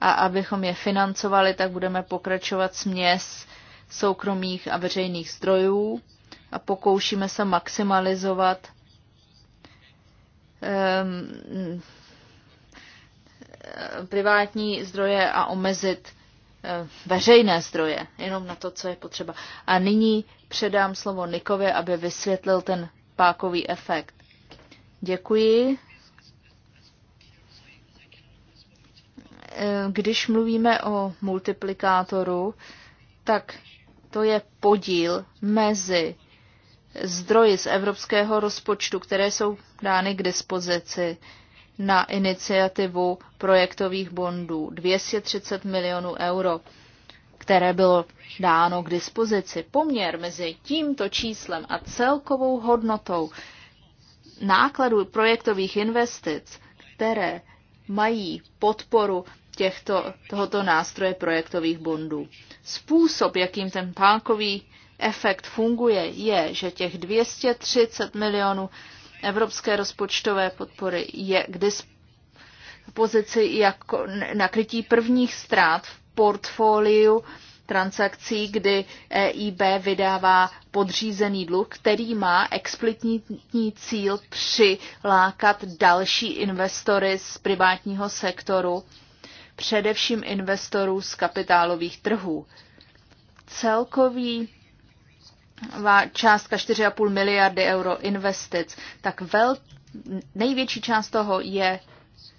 a abychom je financovali, tak budeme pokračovat směs soukromých a veřejných zdrojů a pokoušíme se maximalizovat um, privátní zdroje a omezit Eh, veřejné zdroje, jenom na to, co je potřeba. A nyní předám slovo Nikovi, aby vysvětlil ten pákový efekt. Děkuji. Eh, když mluvíme o multiplikátoru, tak to je podíl mezi zdroji z evropského rozpočtu, které jsou dány k dispozici na iniciativu projektových bondů 230 milionů euro, které bylo dáno k dispozici. Poměr mezi tímto číslem a celkovou hodnotou nákladů projektových investic, které mají podporu těchto, tohoto nástroje projektových bondů. Způsob, jakým ten pánkový efekt funguje, je, že těch 230 milionů evropské rozpočtové podpory je k dispozici jako nakrytí prvních ztrát v portfoliu transakcí, kdy EIB vydává podřízený dluh, který má explicitní cíl přilákat další investory z privátního sektoru, především investorů z kapitálových trhů. Celkový částka 4,5 miliardy euro investic, tak vel, největší část toho je,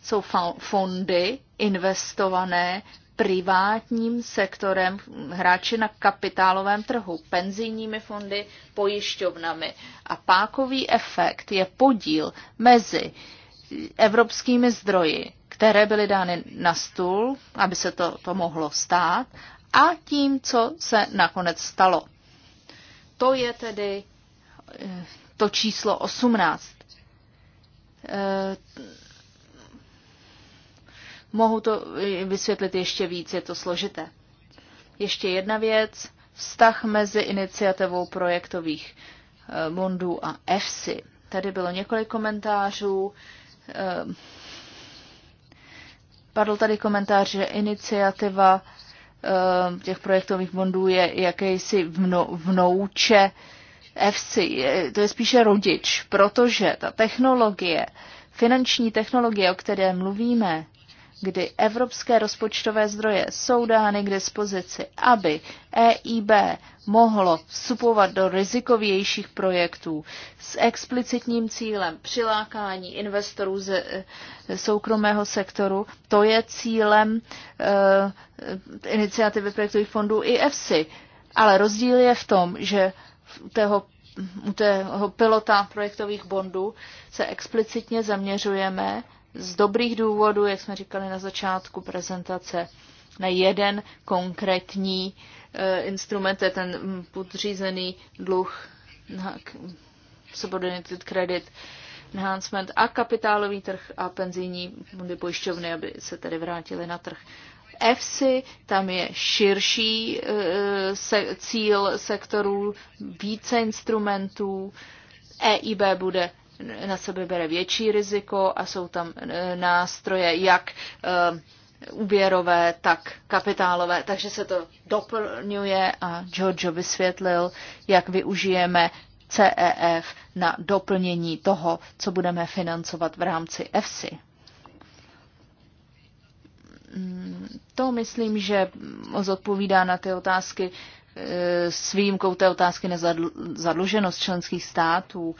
jsou fondy investované privátním sektorem, hráči na kapitálovém trhu, penzijními fondy, pojišťovnami. A pákový efekt je podíl mezi evropskými zdroji, které byly dány na stůl, aby se to, to mohlo stát, a tím, co se nakonec stalo. To je tedy eh, to číslo 18. Eh, mohu to vysvětlit ještě víc, je to složité. Ještě jedna věc, vztah mezi iniciativou projektových bondů eh, a EFSI. Tady bylo několik komentářů. Padl tady komentář, že iniciativa Eh, těch projektových fondů je jakýsi vnouče FC. To je spíše rodič, protože ta technologie, finanční technologie, o které mluvíme, kdy evropské rozpočtové zdroje jsou dány k dispozici, aby EIB mohlo vstupovat do rizikovějších projektů s explicitním cílem přilákání investorů ze eh, soukromého sektoru. To je cílem eh, iniciativy projektových fondů i EFSI. Ale rozdíl je v tom, že u tého u tého pilota projektových bondů se explicitně zaměřujeme z dobrých důvodů, jak jsme říkali na začátku prezentace, na jeden konkrétní eh, instrument, to je ten podřízený dluh, subordinated credit, enhancement a kapitálový trh a penzijní fondy pojišťovny, aby se tedy vrátili na trh. EFSI, tam je širší eh, se, cíl sektorů, více instrumentů, EIB bude na sebe bere větší riziko a jsou tam e, nástroje, jak e, úvěrové, tak kapitálové, takže se to doplňuje a Giorgio vysvětlil, jak využijeme CEF na doplnění toho, co budeme financovat v rámci EFSI. Mm, to myslím, že zodpovídá na ty otázky e, s výjimkou té otázky na zadluženost členských států.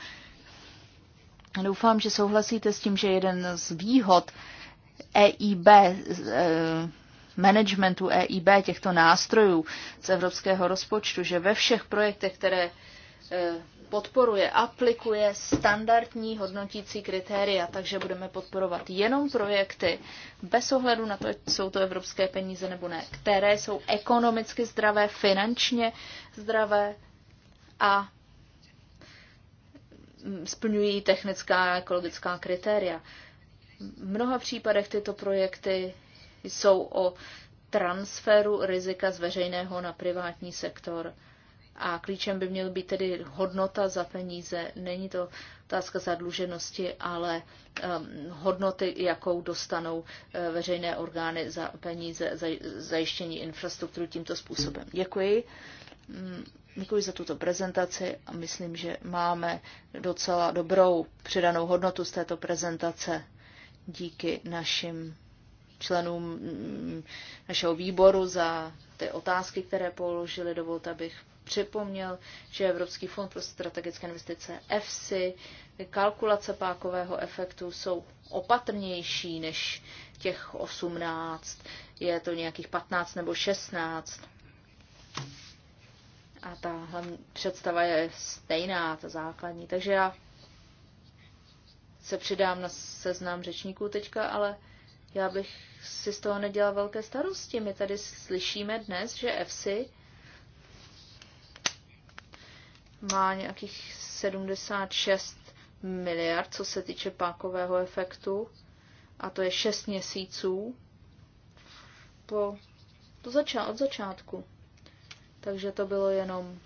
Doufám, že souhlasíte s tím, že jeden z výhod EIB, eh, managementu EIB těchto nástrojů z evropského rozpočtu, že ve všech projektech, které eh, podporuje, aplikuje standardní hodnotící kritéria, takže budeme podporovat jenom projekty, bez ohledu na to, jsou to evropské peníze nebo ne, které jsou ekonomicky zdravé, finančně zdravé a splňují technická a ekologická kritéria. V mnoha případech tyto projekty jsou o transferu rizika z veřejného na privátní sektor. A klíčem by měl být tedy hodnota za peníze. Není to otázka zadluženosti, ale um, hodnoty, jakou dostanou uh, veřejné orgány za peníze, za zajištění infrastruktury tímto způsobem. Děkuji. Mm, Děkuji za tuto prezentaci a myslím, že máme docela dobrou přidanou hodnotu z této prezentace díky našim členům mm, našeho výboru za ty otázky, které položili. Dovolte, abych připomněl, že Evropský fond pro strategické investice EFSI, kalkulace pákového efektu jsou opatrnější než těch 18, je to nějakých 15 nebo 16. A ta hlavní představa je stejná, ta základní. Takže já se přidám na seznam řečníků teďka, ale já bych si z toho nedělal velké starosti. My tady slyšíme dnes, že FC má nějakých 76 miliard, co se týče pákového efektu, a to je 6 měsíců po, to zača- od začátku. Takže to bylo jenom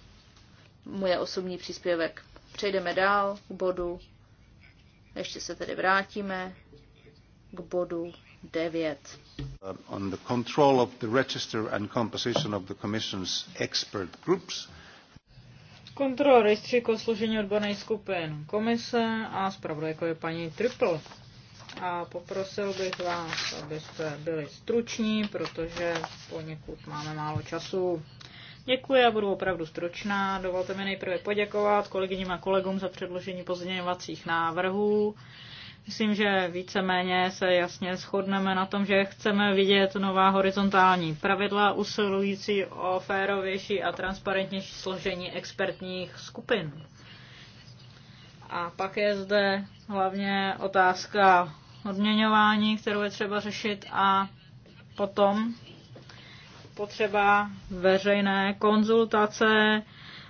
moje osobní příspěvek. Přejdeme dál k bodu. Ještě se tedy vrátíme k bodu 9. Uh, on the control of the register and composition of the Commission's expert groups. Kontrola rejstříku složení odborných skupin komise a zpravodajko je paní Triple. A poprosil bych vás, abyste byli struční, protože poněkud máme málo času. Děkuji, já budu opravdu stručná. Dovolte mi nejprve poděkovat kolegyním a kolegům za předložení pozměňovacích návrhů. Myslím, že víceméně se jasně shodneme na tom, že chceme vidět nová horizontální pravidla usilující o férovější a transparentnější složení expertních skupin. A pak je zde hlavně otázka odměňování, kterou je třeba řešit a potom potřeba veřejné konzultace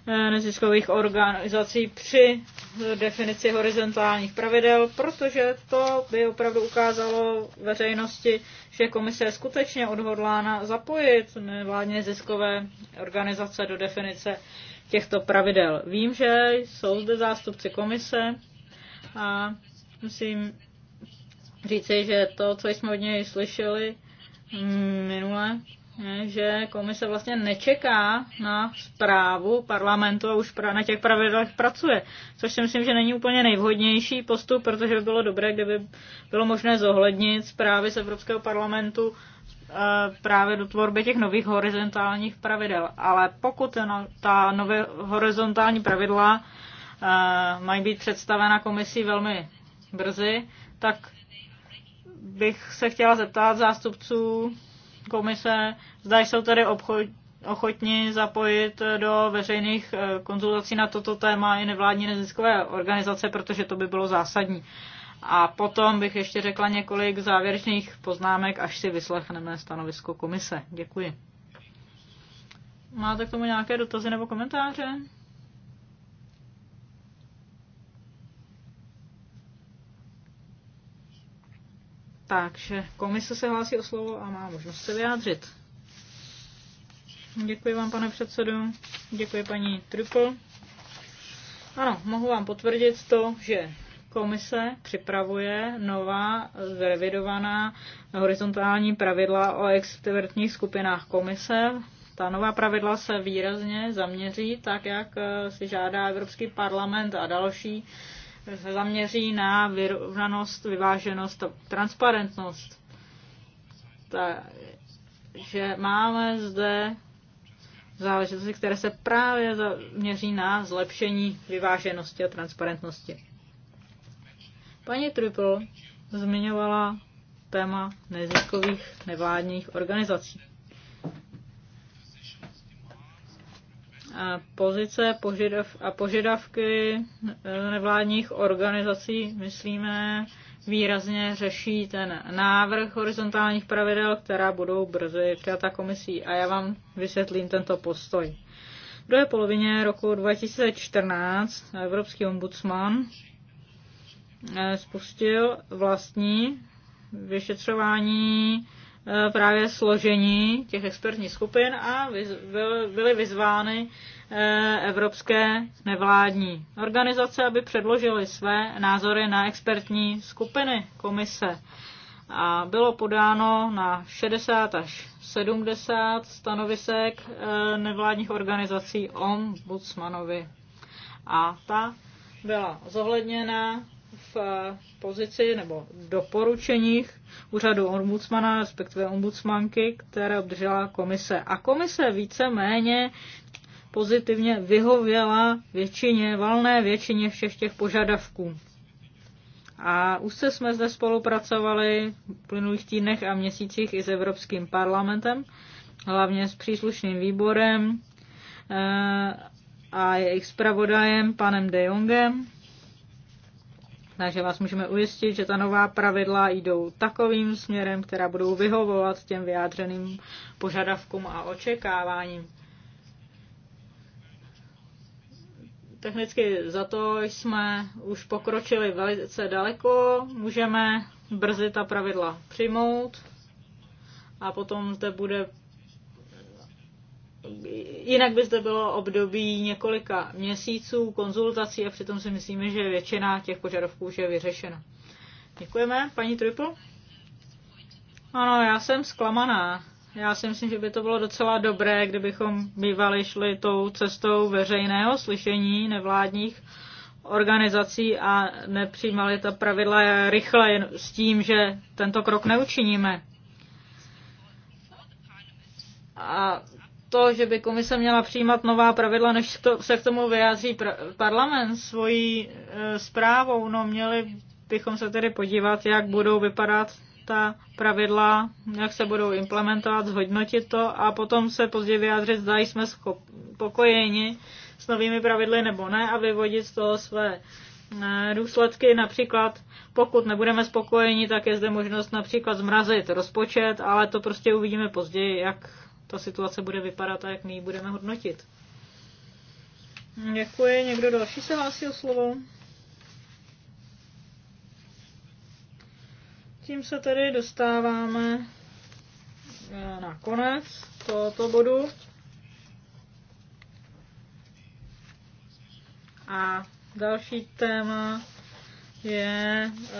eh, neziskových organizací při definici horizontálních pravidel, protože to by opravdu ukázalo veřejnosti, že komise je skutečně odhodlána zapojit vládně ziskové organizace do definice těchto pravidel. Vím, že jsou zde zástupci komise a musím říci, že to, co jsme od něj slyšeli mm, minule, že komise vlastně nečeká na zprávu parlamentu a už na těch pravidlech pracuje. Což si myslím, že není úplně nejvhodnější postup, protože by bylo dobré, kdyby bylo možné zohlednit zprávy z Evropského parlamentu eh, právě do tvorby těch nových horizontálních pravidel. Ale pokud ta nové horizontální pravidla eh, mají být představena komisí velmi brzy, tak bych se chtěla zeptat zástupců komise, zda jsou tedy obchod, ochotni zapojit do veřejných eh, konzultací na toto téma i nevládní neziskové organizace, protože to by bylo zásadní. A potom bych ještě řekla několik závěrečných poznámek, až si vyslechneme stanovisko komise. Děkuji. Máte k tomu nějaké dotazy nebo komentáře? Takže komise se hlásí o slovo a má možnost se vyjádřit. Děkuji vám, pane předsedu. Děkuji, paní Trupl. Ano, mohu vám potvrdit to, že komise připravuje nová zrevidovaná horizontální pravidla o extrovertních skupinách komise. Ta nová pravidla se výrazně zaměří tak, jak si žádá Evropský parlament a další se zaměří na vyrovnanost, vyváženost a transparentnost. Takže máme zde záležitosti, které se právě zaměří na zlepšení vyváženosti a transparentnosti. Paní Triple zmiňovala téma neziskových nevládních organizací. pozice a požadavky eh, nevládních organizací, myslíme, výrazně řeší ten návrh horizontálních pravidel, která budou brzy přijata komisí. A já vám vysvětlím tento postoj. V druhé polovině roku 2014 Evropský ombudsman eh, spustil vlastní vyšetřování Eh, právě složení těch expertních skupin a byly vyzvány eh, evropské nevládní organizace, aby předložily své názory na expertní skupiny komise. A bylo podáno na 60 až 70 stanovisek eh, nevládních organizací ombudsmanovi. A ta byla zohledněna v dispozici nebo doporučeních úřadu ombudsmana, respektive ombudsmanky, které obdržela komise. A komise více-méně pozitivně vyhověla většině, valné většině všech těch požadavků. A už se jsme zde spolupracovali v plynulých týdnech a měsících i s Evropským parlamentem, hlavně s příslušným výborem eh, a jejich zpravodajem panem De Jongem takže vás můžeme ujistit, že ta nová pravidla jdou takovým směrem, která budou vyhovovat těm vyjádřeným požadavkům a očekáváním. Technicky za to jsme už pokročili velice daleko, můžeme brzy ta pravidla přijmout a potom zde bude Jinak by zde bylo období několika měsíců konzultací a přitom si myslíme, že většina těch požadavků už je vyřešena. Děkujeme, paní Triple. Ano, já jsem zklamaná. Já si myslím, že by to bylo docela dobré, kdybychom bývali šli tou cestou veřejného slyšení nevládních organizací a nepřijímali ta pravidla rychle s tím, že tento krok neučiníme. A to, že by komise měla přijímat nová pravidla, než se k tomu vyjádří parlament svojí e, zprávou. No měli bychom se tedy podívat, jak budou vypadat ta pravidla, jak se budou implementovat, zhodnotit to a potom se později vyjádřit, zda jsme spokojeni s novými pravidly nebo ne a vyvodit z toho své e, důsledky. Například, pokud nebudeme spokojeni, tak je zde možnost například zmrazit rozpočet, ale to prostě uvidíme později, jak ta situace bude vypadat a jak my ji budeme hodnotit. Děkuji. Někdo další se hlásí o slovo? Tím se tedy dostáváme eh, na konec tohoto bodu. A další téma je eh,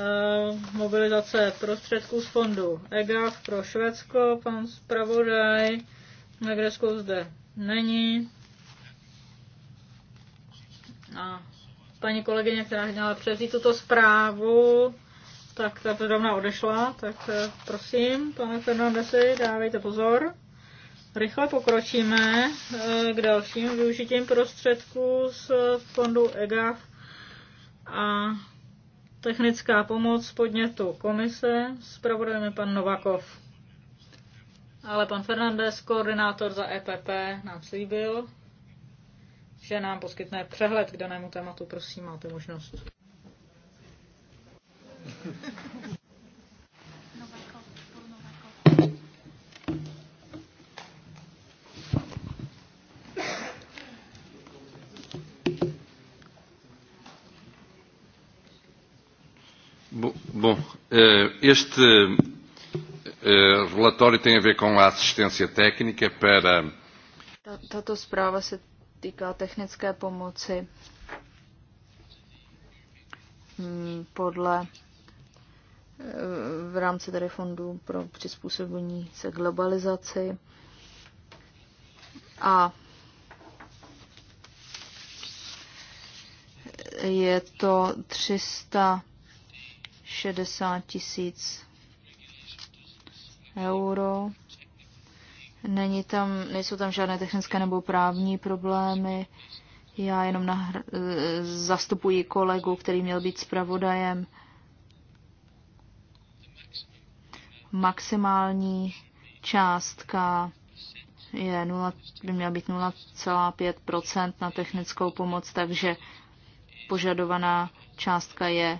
mobilizace prostředků z fondu EGAF pro Švédsko. Pan zpravodaj Negresko zde není. A paní kolegyně, která měla převzít tuto zprávu, tak ta zrovna odešla, tak eh, prosím, pane Fernandesi, dávejte pozor. Rychle pokročíme eh, k dalším využitím prostředků z fondu EGAF a technická pomoc podnětu komise. Zpravodajeme pan Novakov ale pan Fernandez, koordinátor za EPP, nám slíbil, že nám poskytne přehled k danému tématu. Prosím, máte možnost. Bom, e, este Eh, relatório tem a ver com a assistência técnica para. Tato zpráva se týká technické pomoci hmm, podle eh, v rámci tedy fondu pro přizpůsobení se globalizaci a je to 360 tisíc euro. Není tam, nejsou tam žádné technické nebo právní problémy. Já jenom nahr- zastupuji kolegu, který měl být zpravodajem. Maximální částka je 0, by měla být 0,5 na technickou pomoc, takže požadovaná částka je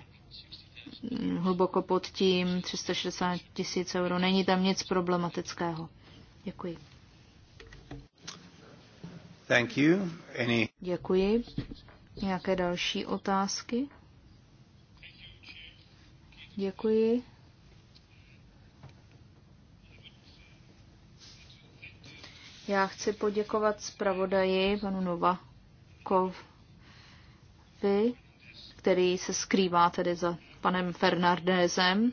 hluboko pod tím, 360 tisíc euro. Není tam nic problematického. Děkuji. Thank you. Any... Děkuji. Nějaké další otázky? Děkuji. Já chci poděkovat zpravodaji panu Novakovi, který se skrývá tedy za panem Fernandézem.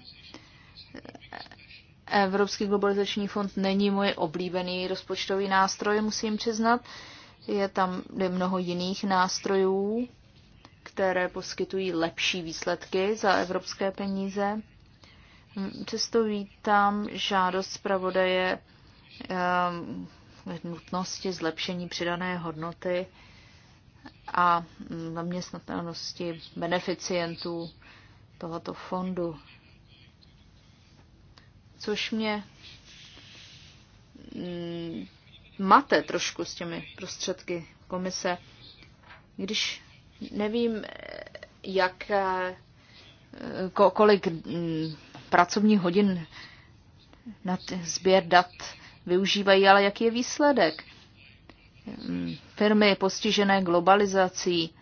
Evropský globalizační fond není můj oblíbený rozpočtový nástroj, musím přiznat. Je tam mnoho jiných nástrojů, které poskytují lepší výsledky za evropské peníze. Přesto vítám žádost zpravodaje eh, nutnosti zlepšení přidané hodnoty a zaměstnatelnosti beneficientů tohoto fondu. Což mě mm, mate trošku s těmi prostředky komise, když nevím, jak, kolik mm, pracovních hodin na sběr dat využívají, ale jaký je výsledek. Mm, firmy postižené globalizací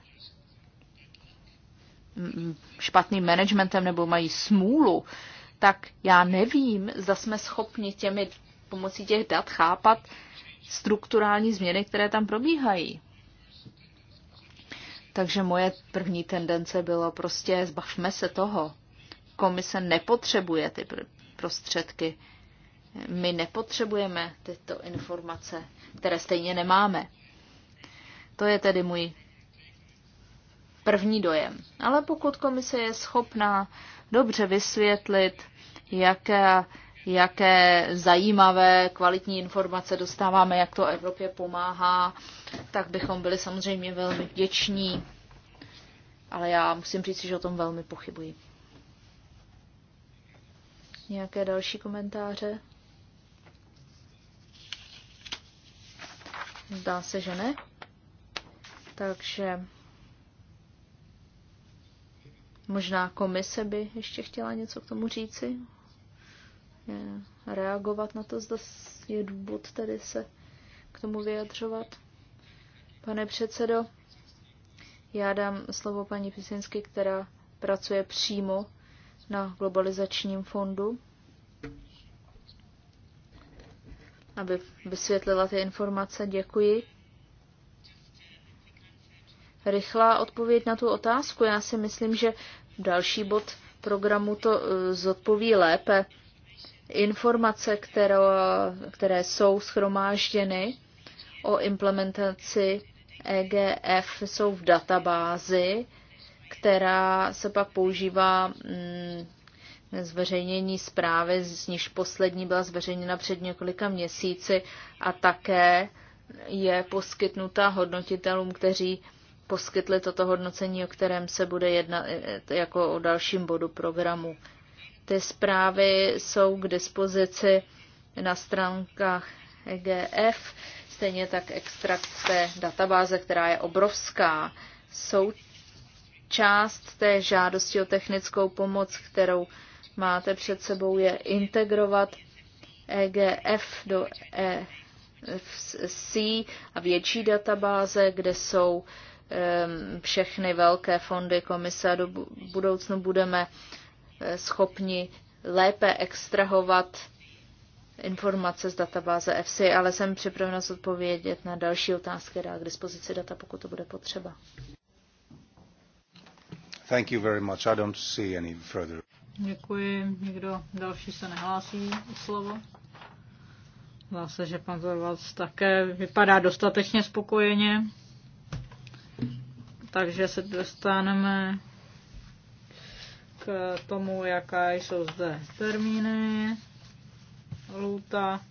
Mm, špatným managementem nebo mají smůlu, tak já nevím, zda jsme schopni těmi pomocí těch dat chápat strukturální změny, které tam probíhají. Takže moje první tendence bylo prostě zbavme se toho. Komise nepotřebuje ty prostředky. My nepotřebujeme tyto informace, které stejně nemáme. To je tedy můj první dojem. Ale pokud komise je schopná dobře vysvětlit, jaké, jaké zajímavé, kvalitní informace dostáváme, jak to Evropě pomáhá, tak bychom byli samozřejmě velmi vděční. Ale já musím říct, že o tom velmi pochybuji. Nějaké další komentáře? Zdá se, že ne. Takže Možná komise by ještě chtěla něco k tomu říci? Reagovat na to, zda je důvod tedy se k tomu vyjadřovat. Pane předsedo, já dám slovo paní Pisinsky, která pracuje přímo na globalizačním fondu, aby vysvětlila ty informace. Děkuji rychlá odpověď na tu otázku. Já si myslím, že další bod programu to eh, zodpoví lépe. Informace, které, které jsou schromážděny o implementaci EGF, jsou v databázi, která se pak používá mm, zveřejnění zprávy, z níž poslední byla zveřejněna před několika měsíci a také je poskytnuta hodnotitelům, kteří poskytli toto hodnocení, o kterém se bude jednat eh, eh, jako o dalším bodu programu. Ty zprávy jsou k dispozici na stránkách EGF, stejně tak extrakt té databáze, která je obrovská. Jsou část té žádosti o technickou pomoc, kterou máte před sebou, je integrovat EGF do EFC a větší databáze, kde jsou uh, Ehm, všechny velké fondy komise a do budoucnu budeme eh, schopni lépe extrahovat informace z databáze EFSI, ale jsem připravena odpovědět na další otázky, dá k dispozici data, pokud to bude potřeba. Thank you very much. I don't see any further. Děkuji. Někdo další se nehlásí o slovo? Zdá se, že pan Zorvalc také vypadá dostatečně spokojeně takže se dostaneme k tomu, jaká jsou zde termíny. luta,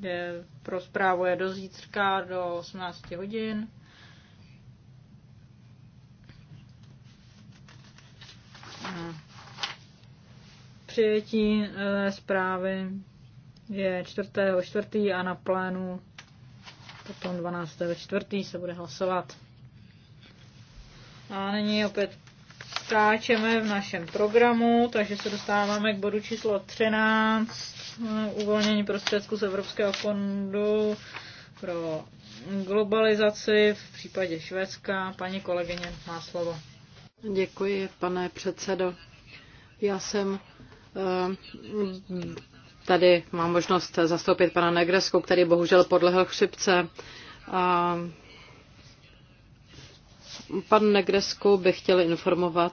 je, pro zprávu je do zítřka do 18 hodin. Přijetí eh, zprávy je 4. a na plénu potom 12. se bude hlasovat. A nyní opět skáčeme v našem programu, takže se dostáváme k bodu číslo 13, uvolnění prostředků z Evropského fondu pro globalizaci v případě Švédska. Paní kolegyně má slovo. Děkuji, pane předsedo. Já jsem eh, tady mám možnost zastoupit pana Negresku, který bohužel podlehl chřipce. A Pan Negresku bych chtěl informovat,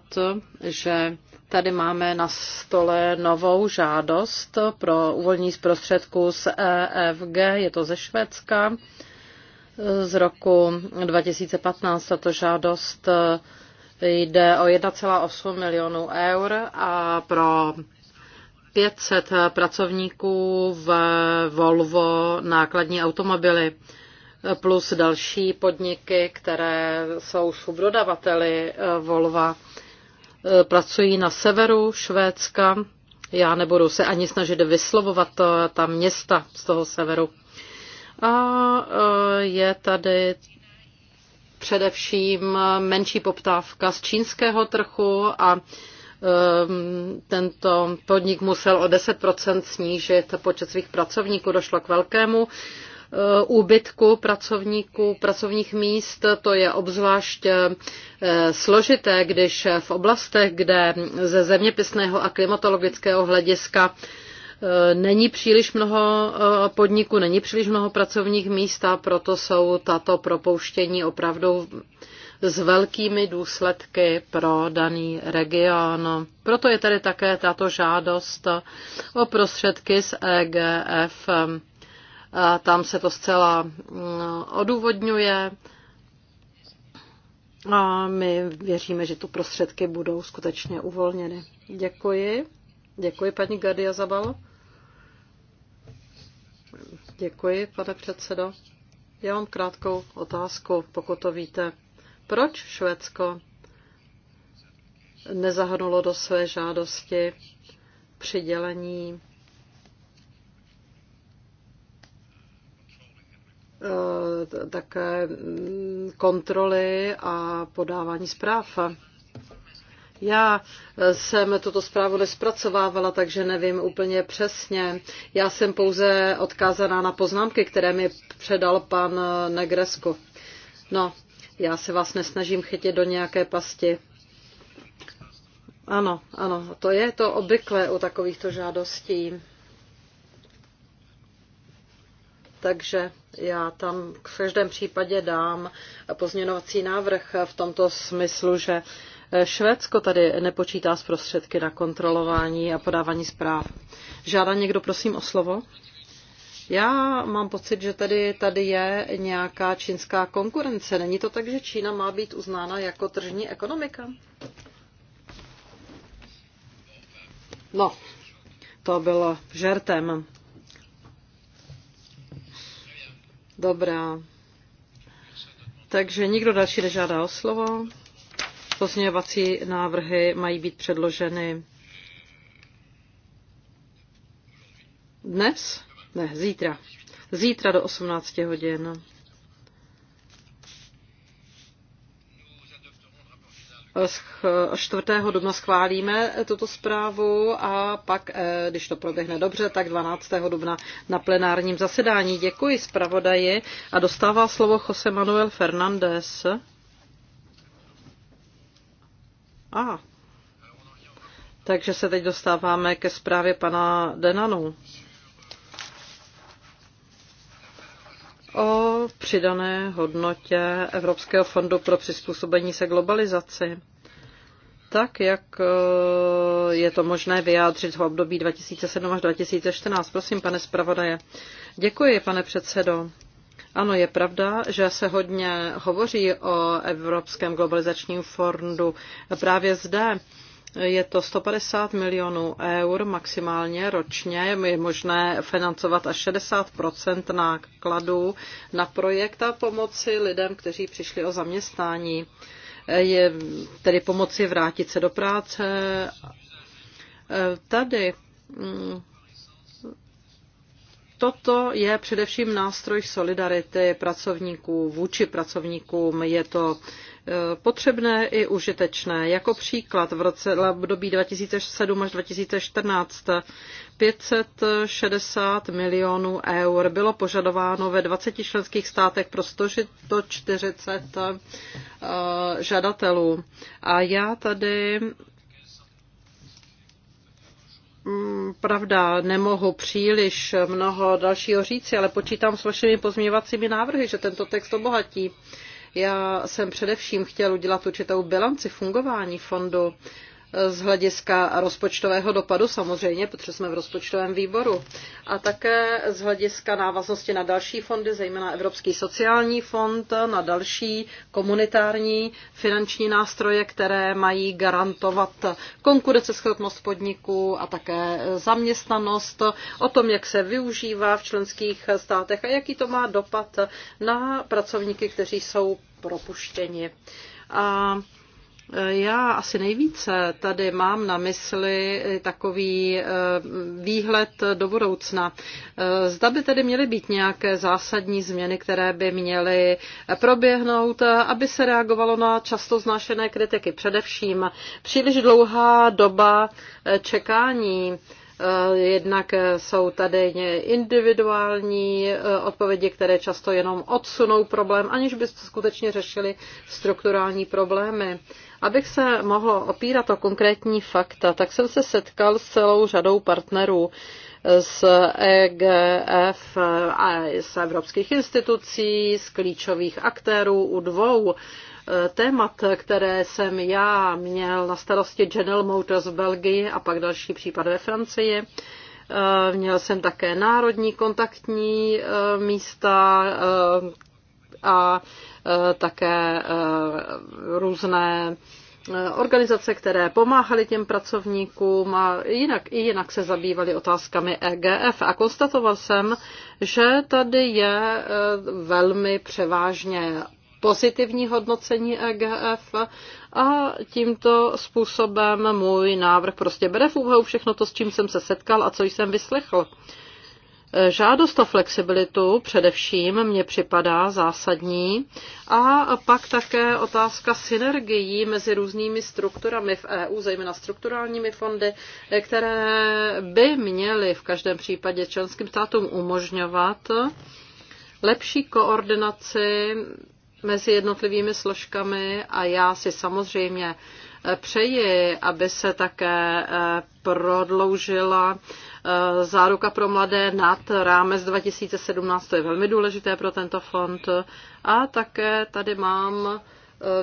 že tady máme na stole novou žádost pro uvolnění prostředků z EFG, je to ze Švédska z roku 2015. Tato žádost jde o 1,8 milionů eur a pro 500 pracovníků v Volvo nákladní automobily plus další podniky, které jsou subdodavateli eh, Volva. Eh, pracují na severu Švédska. Já nebudu se ani snažit vyslovovat eh, ta města z toho severu. A je tady především menší poptávka z čínského trhu a ehm, tento podnik musel o 10 snížit počet svých pracovníků. Došlo k velkému Eh, úbytku pracovníků, pracovních míst. To je obzvlášť eh, složité, když v oblastech, kde ze zeměpisného a klimatologického hlediska eh, není příliš mnoho podniků, není příliš mnoho pracovních míst a proto jsou tato propouštění opravdu s velkými důsledky pro daný region. Proto je tady také tato žádost o prostředky z EGF tam se to zcela mm, odůvodňuje. A my věříme, že tu prostředky budou skutečně uvolněny. Děkuji. Děkuji, paní Gardia Zabal. Děkuji, pane předsedo. Já mám krátkou otázku, pokud to víte. Proč Švédsko nezahrnulo do své žádosti přidělení Eh, také kontroly a podávání zpráv. Já jsem tuto zprávu nespracovávala, takže nevím úplně přesně. Já jsem pouze odkázaná na poznámky, které mi předal pan Negresko. No, já se vás nesnažím chytit do nějaké pasti. Ano, ano, to je to obvykle u takovýchto žádostí. takže já tam v každém případě dám pozměňovací návrh v tomto smyslu, že Švédsko tady nepočítá s prostředky na kontrolování a podávání zpráv. Žádá někdo, prosím, o slovo? Já mám pocit, že tady, tady je nějaká čínská konkurence. Není to tak, že Čína má být uznána jako tržní ekonomika? No, to bylo žertem. Dobrá. Takže nikdo další nežádá o slovo. Pozměňovací návrhy mají být předloženy dnes? Ne, zítra. Zítra do 18 hodin. 4. dubna schválíme tuto zprávu a pak, eh, když to proběhne dobře, tak 12. dubna na plenárním zasedání. Děkuji zpravodaji a dostává slovo Jose Manuel Fernández. A, takže se teď dostáváme ke zprávě pana Denanu. o přidané hodnotě Evropského fondu pro přizpůsobení se globalizaci tak, jak e, je to možné vyjádřit v období 2007 až 2014. Prosím, pane zpravodaje. Děkuji, pane předsedo. Ano, je pravda, že se hodně hovoří o Evropském globalizačním fondu právě zde je to 150 milionů eur maximálně ročně. Je možné financovat až 60 nákladů na projekt a pomoci lidem, kteří přišli o zaměstnání. Je tedy pomoci vrátit se do práce. Tady mm, Toto je především nástroj solidarity pracovníků vůči pracovníkům. Je to Eh, potřebné i užitečné. Jako příklad v roce v období 2007 až 2014 560 milionů eur bylo požadováno ve 20 členských státech pro 140 eh, žadatelů. A já tady mm, pravda, nemohu příliš mnoho dalšího říci, ale počítám s vašimi pozměňovacími návrhy, že tento text obohatí. Já jsem především chtěl udělat určitou bilanci fungování fondu z hlediska rozpočtového dopadu, samozřejmě, protože jsme v rozpočtovém výboru, a také z hlediska návaznosti na další fondy, zejména Evropský sociální fond, na další komunitární finanční nástroje, které mají garantovat konkurenceschopnost podniků a také zaměstnanost, o tom, jak se využívá v členských státech a jaký to má dopad na pracovníky, kteří jsou propuštěni. A já asi nejvíce tady mám na mysli takový eh, výhled do budoucna. Eh, zda by tedy měly být nějaké zásadní změny, které by měly proběhnout, aby se reagovalo na často znášené kritiky. Především příliš dlouhá doba eh, čekání Eh, jednak eh, jsou tady individuální eh, odpovědi, které často jenom odsunou problém, aniž by skutečně řešili strukturální problémy. Abych se mohl opírat o konkrétní fakta, tak jsem se setkal s celou řadou partnerů z EGF, z evropských institucí, z klíčových aktérů u dvou témat, které jsem já měl na starosti General Motors v Belgii a pak další případ ve Francii. Eh, měl jsem také národní kontaktní eh, místa eh, a také různé organizace, které pomáhaly těm pracovníkům a jinak, i jinak se zabývaly otázkami EGF. A konstatoval jsem, že tady je velmi převážně pozitivní hodnocení EGF a tímto způsobem můj návrh prostě bere v úvahu všechno to, s čím jsem se setkal a co jsem vyslechl. Žádost o flexibilitu především mně připadá zásadní a pak také otázka synergií mezi různými strukturami v EU, zejména strukturálními fondy, které by měly v každém případě členským státům umožňovat lepší koordinaci mezi jednotlivými složkami a já si samozřejmě eh, přeji, aby se také eh, prodloužila eh, záruka pro mladé nad rámec 2017. To je velmi důležité pro tento fond. A také tady mám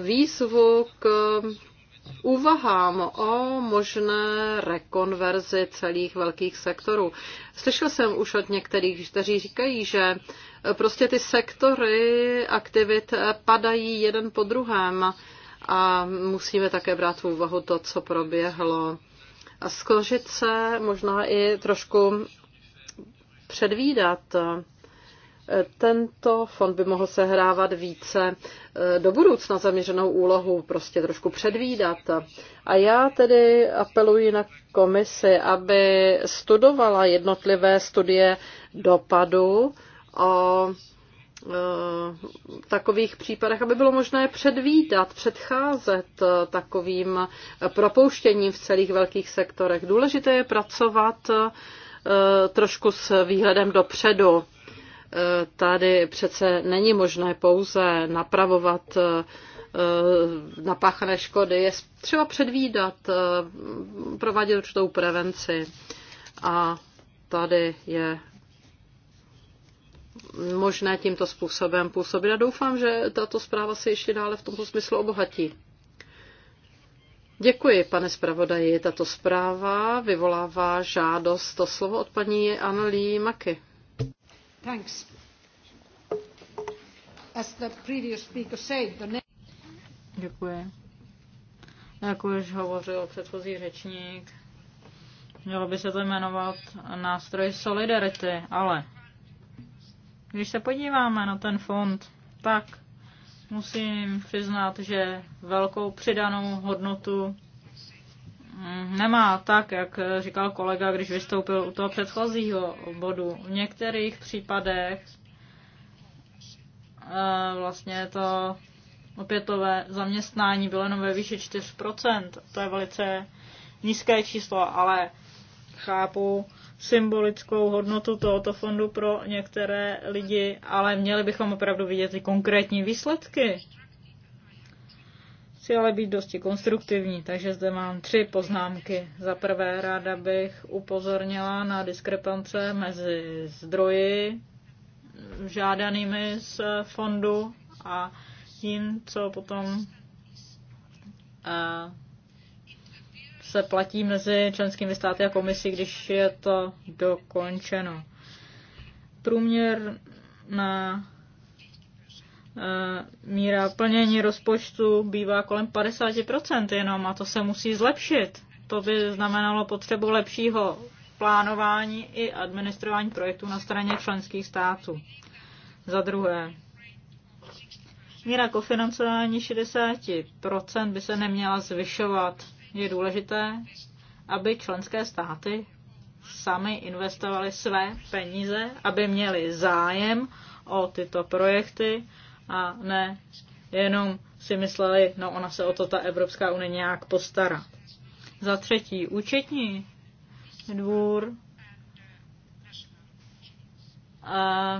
výzvu k Uvahám o možné rekonverzi celých velkých sektorů. Slyšel jsem už od některých, kteří říkají, že prostě ty sektory aktivit padají jeden po druhém a musíme také brát v úvahu to, co proběhlo. A skložit se možná i trošku předvídat tento fond by mohl sehrávat více eh, do budoucna zaměřenou úlohu, prostě trošku předvídat. A já tedy apeluji na komisi, aby studovala jednotlivé studie dopadu o eh, takových případech, aby bylo možné předvídat, předcházet eh, takovým propouštěním v celých velkých sektorech. Důležité je pracovat trošku s výhledem dopředu Tady přece není možné pouze napravovat eh, eh, napáchané škody. Je třeba předvídat, eh, provádět určitou prevenci. A tady je možné tímto způsobem působit. A doufám, že tato zpráva se ještě dále v tomto smyslu obohatí. Děkuji, pane zpravodaji. Tato zpráva vyvolává žádost o slovo od paní Annelí Maky. Děkuji. Jak už hovořil předchozí řečník, mělo by se to jmenovat nástroj solidarity, ale když se podíváme na ten fond, tak musím přiznat, že velkou přidanou hodnotu nemá tak, jak říkal kolega, když vystoupil u toho předchozího bodu. V některých případech eh, vlastně to opětové zaměstnání bylo jenom ve výši 4%. To je velice nízké číslo, ale chápu symbolickou hodnotu tohoto fondu pro některé lidi, ale měli bychom opravdu vidět ty konkrétní výsledky Chci ale být dosti konstruktivní, takže zde mám tři poznámky. Za prvé ráda bych upozornila na diskrepance mezi zdroji žádanými z fondu a tím, co potom eh, se platí mezi členskými státy a komisí, když je to dokončeno. Průměr na Eh, míra plnění rozpočtu bývá kolem 50% jenom a to se musí zlepšit. To by znamenalo potřebu lepšího plánování i administrování projektů na straně členských států. Za druhé, míra kofinancování 60% by se neměla zvyšovat. Je důležité, aby členské státy sami investovali své peníze, aby měli zájem o tyto projekty a ne jenom si mysleli, no ona se o to ta Evropská unie nějak postará. Za třetí, účetní dvůr a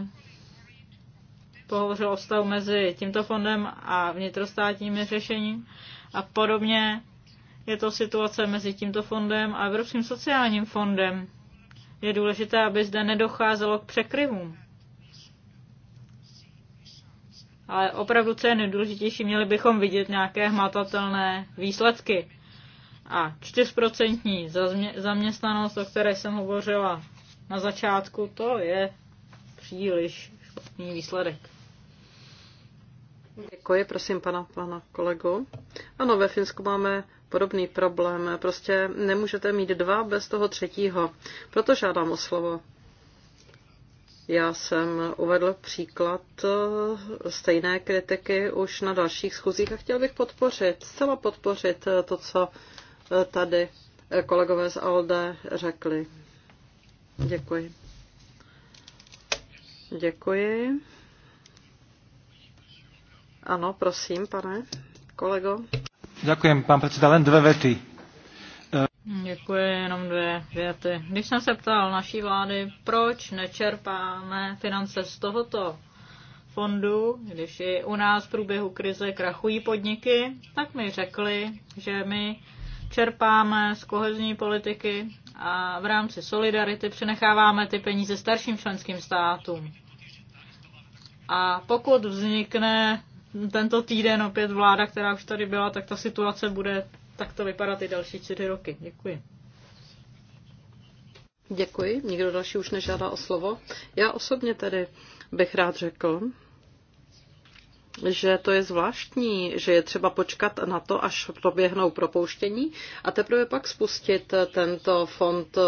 pohovořil o stavu mezi tímto fondem a vnitrostátními řešením a podobně je to situace mezi tímto fondem a Evropským sociálním fondem. Je důležité, aby zde nedocházelo k překryvům. Ale opravdu, co je nejdůležitější, měli bychom vidět nějaké hmatatelné výsledky. A 4% zaměstnanost, o které jsem hovořila na začátku, to je příliš špatný výsledek. Děkuji, prosím pana, pana kolegu. Ano, ve Finsku máme podobný problém. Prostě nemůžete mít dva bez toho třetího. Proto žádám o slovo. Já jsem uvedl příklad eh, stejné kritiky už na dalších schůzích a chtěl bych podpořit, zcela podpořit eh, to, co eh, tady kolegové z ALDE řekli. Děkuji. Děkuji. Ano, prosím, pane kolego. Děkuji, pan předseda, jen dvě vety. Děkuji, jenom dvě věty. Když jsem se ptal naší vlády, proč nečerpáme finance z tohoto fondu, když i u nás v průběhu krize krachují podniky, tak mi řekli, že my čerpáme z kohezní politiky a v rámci solidarity přenecháváme ty peníze starším členským státům. A pokud vznikne tento týden opět vláda, která už tady byla, tak ta situace bude tak to vypadá ty další čtyři roky. Děkuji. Děkuji. Nikdo další už nežádá o slovo. Já osobně tedy bych rád řekl, že to je zvláštní, že je třeba počkat na to, až proběhnou propouštění a teprve pak spustit tento fond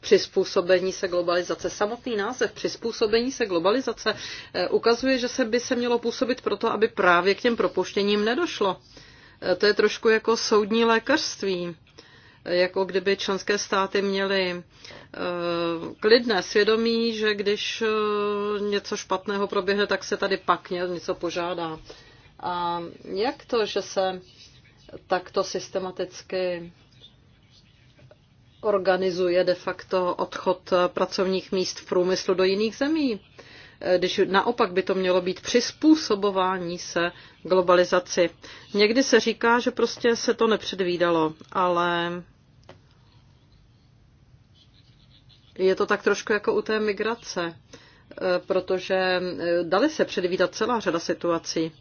přizpůsobení se globalizace. Samotný název přizpůsobení se globalizace eh, ukazuje, že se by se mělo působit proto, aby právě k těm propuštěním nedošlo. To je trošku jako soudní lékařství jako kdyby členské státy měly eh, klidné svědomí, že když eh, něco špatného proběhne, tak se tady pak něco požádá. A jak to, že se takto systematicky organizuje de facto odchod pracovních míst v průmyslu do jiných zemí? když naopak by to mělo být přizpůsobování se globalizaci. Někdy se říká, že prostě se to nepředvídalo, ale je to tak trošku jako u té migrace, eh, protože eh, dali se předvídat celá řada situací.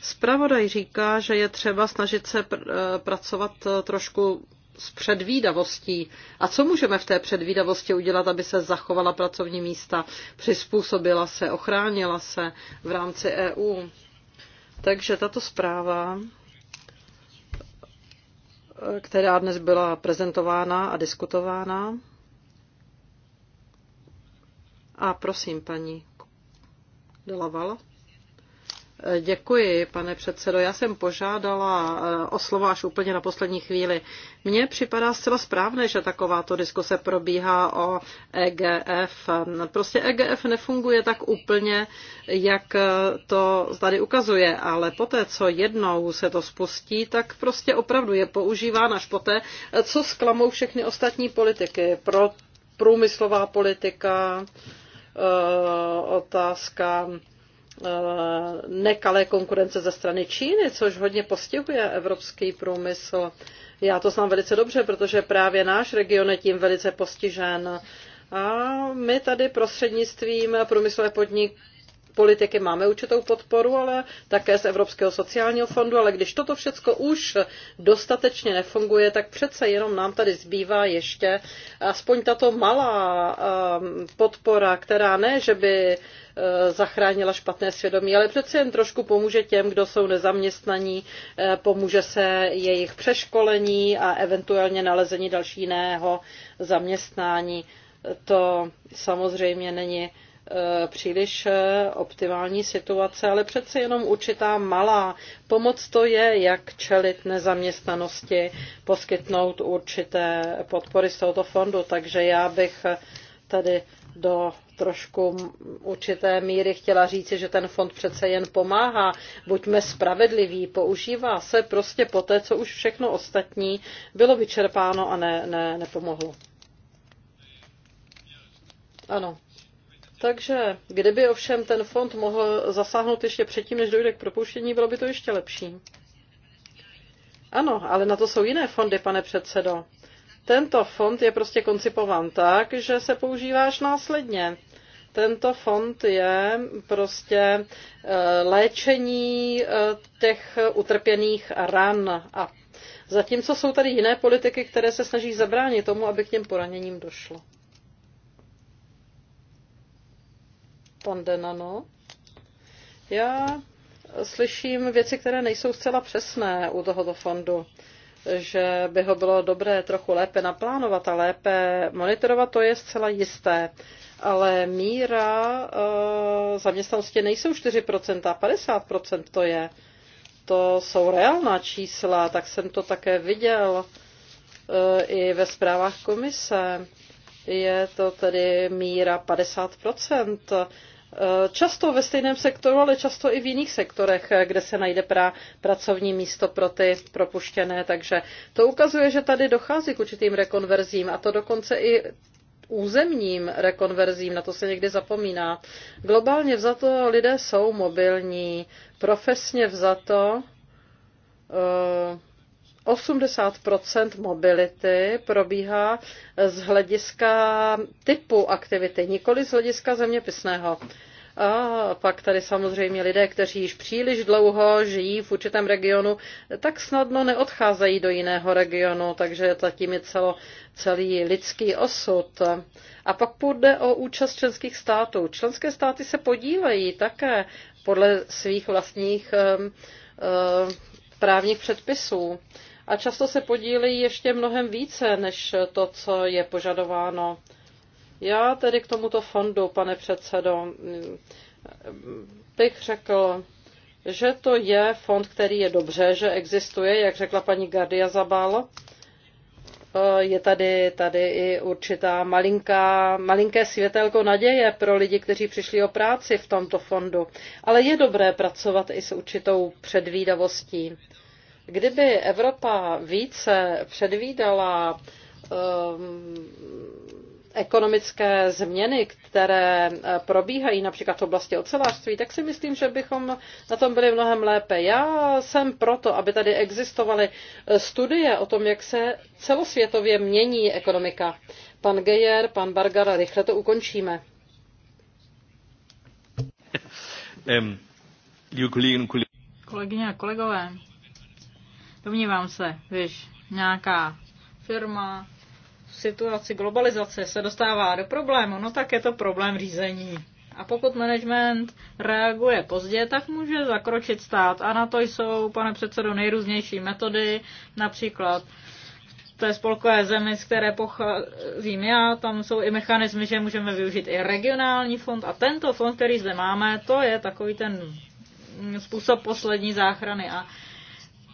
Spravodaj říká, že je třeba snažit se pr- eh, pracovat trošku s předvídavostí. A co můžeme v té předvídavosti udělat, aby se zachovala pracovní místa, přizpůsobila se, ochránila se v rámci EU? Takže tato zpráva, která dnes byla prezentována a diskutována. A prosím, paní Delavala. Děkuji, pane předsedo. Já jsem požádala eh, o slovo až úplně na poslední chvíli. Mně připadá zcela správné, že takováto diskuse probíhá o EGF. Prostě EGF nefunguje tak úplně, jak eh, to tady ukazuje, ale poté, co jednou se to spustí, tak prostě opravdu je používán až poté, eh, co zklamou všechny ostatní politiky. Pro průmyslová politika, otázka Eh, nekalé konkurence ze strany Číny, což hodně postihuje evropský průmysl. Já to znám velice dobře, protože právě náš region je tím velice postižen. A my tady prostřednictvím průmyslové podnik, politiky máme určitou podporu, ale také z Evropského sociálního fondu, ale když toto všechno už dostatečně nefunguje, tak přece jenom nám tady zbývá ještě aspoň tato malá ehm, podpora, která ne, že by e, zachránila špatné svědomí, ale přece jen trošku pomůže těm, kdo jsou nezaměstnaní, e, pomůže se jejich přeškolení a eventuálně nalezení dalšího jiného zaměstnání. To samozřejmě není Eh, příliš eh, optimální situace, ale přece jenom určitá malá pomoc to je, jak čelit nezaměstnanosti, poskytnout určité podpory z tohoto fondu. Takže já bych tady do trošku určité míry chtěla říci, že ten fond přece jen pomáhá. Buďme spravedliví, používá se prostě po té, co už všechno ostatní bylo vyčerpáno a ne, ne, nepomohlo. Ano. Takže kdyby ovšem ten fond mohl zasáhnout ještě předtím, než dojde k propuštění, bylo by to ještě lepší. Ano, ale na to jsou jiné fondy, pane předsedo. Tento fond je prostě koncipován tak, že se používá následně. Tento fond je prostě eh, léčení eh, těch utrpěných ran. A zatímco jsou tady jiné politiky, které se snaží zabránit tomu, aby k těm poraněním došlo. pan Denano. Já slyším věci, které nejsou zcela přesné u tohoto fondu že by ho bylo dobré trochu lépe naplánovat a lépe monitorovat, to je zcela jisté. Ale míra e, zaměstnanosti nejsou 4%, 50% to je. To jsou reálná čísla, tak jsem to také viděl e, i ve zprávách komise. Je to tedy míra 50%. Eh, často ve stejném sektoru, ale často i v jiných sektorech, eh, kde se najde pra, pracovní místo pro ty propuštěné. Takže to ukazuje, že tady dochází k určitým rekonverzím a to dokonce i územním rekonverzím, na to se někdy zapomíná. Globálně vzato lidé jsou mobilní, profesně vzato eh, 80 mobility probíhá z hlediska typu aktivity, nikoli z hlediska zeměpisného. A pak tady samozřejmě lidé, kteří již příliš dlouho žijí v určitém regionu, tak snadno neodcházejí do jiného regionu, takže zatím je celo, celý lidský osud. A pak půjde o účast členských států. Členské státy se podílejí také podle svých vlastních eh, eh, právních předpisů a často se podílejí ještě mnohem více než to, co je požadováno. Já tedy k tomuto fondu, pane předsedo, bych řekl, že to je fond, který je dobře, že existuje, jak řekla paní Gardia Zabal. Je tady, tady i určitá malinká, malinké světelko naděje pro lidi, kteří přišli o práci v tomto fondu. Ale je dobré pracovat i s určitou předvídavostí. Kdyby Evropa více předvídala um, ekonomické změny, které eh, probíhají například v oblasti ocelářství, tak si myslím, že bychom na tom byli mnohem lépe. Já jsem proto, aby tady existovaly eh, studie o tom, jak se celosvětově mění ekonomika. Pan Geyer, pan Bargara, rychle to ukončíme. Kolegyně a kolegové, Domnívám se, když nějaká firma v situaci globalizace se dostává do problému, no tak je to problém řízení. A pokud management reaguje pozdě, tak může zakročit stát. A na to jsou, pane předsedo, nejrůznější metody, například v té spolkové zemi, z které pocházím já, tam jsou i mechanismy, že můžeme využít i regionální fond a tento fond, který zde máme, to je takový ten způsob poslední záchrany. A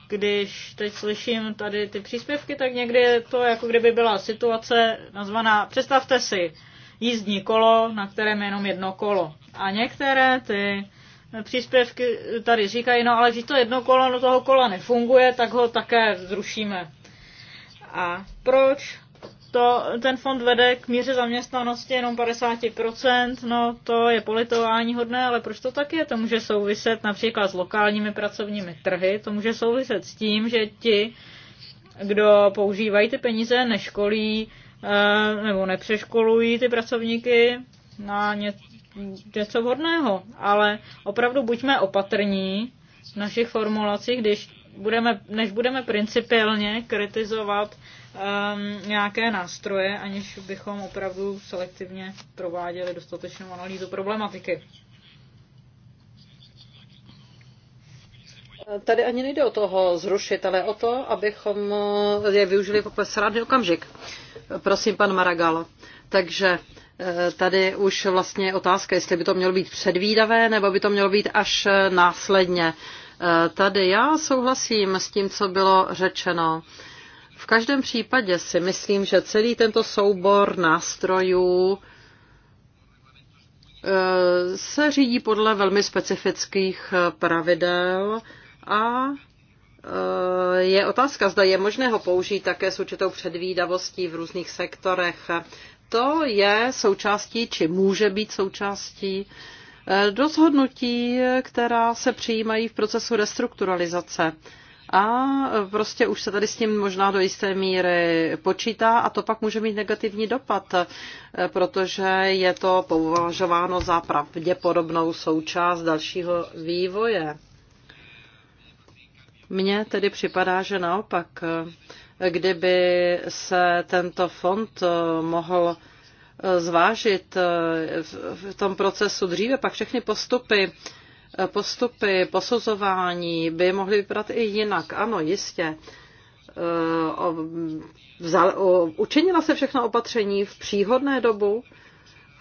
když teď slyším tady ty příspěvky, tak někdy je to jako kdyby byla situace nazvaná, představte si, jízdní kolo, na kterém je jenom jedno kolo. A některé ty příspěvky tady říkají, no ale když to jedno kolo do no, toho kola nefunguje, tak ho také zrušíme. A proč to, ten fond vede k míře zaměstnanosti jenom 50%, no to je politování hodné, ale proč to tak je? To může souviset například s lokálními pracovními trhy, to může souviset s tím, že ti, kdo používají ty peníze, neškolí eh, nebo nepřeškolují ty pracovníky na něco vhodného. Ale opravdu buďme opatrní v našich formulacích, když budeme, než budeme principiálně kritizovat um, nějaké nástroje, aniž bychom opravdu selektivně prováděli dostatečnou analýzu problematiky. Tady ani nejde o toho zrušit, ale o to, abychom eh, je využili v správný okamžik. Prosím, pan Maragal. Takže eh, tady už vlastně otázka, jestli by to mělo být předvídavé, nebo by to mělo být až eh, následně. Tady já souhlasím s tím, co bylo řečeno. V každém případě si myslím, že celý tento soubor nástrojů eh, se řídí podle velmi specifických eh, pravidel a eh, je otázka, zda je možné ho použít také s určitou předvídavostí v různých sektorech. To je součástí, či může být součástí rozhodnutí, která se přijímají v procesu restrukturalizace. A prostě už se tady s tím možná do jisté míry počítá a to pak může mít negativní dopad, protože je to považováno za pravděpodobnou součást dalšího vývoje. Mně tedy připadá, že naopak, kdyby se tento fond mohl zvážit v tom procesu dříve, pak všechny postupy postupy posuzování by mohly vypadat i jinak. Ano, jistě. Eh, učinila se všechna opatření v příhodné dobu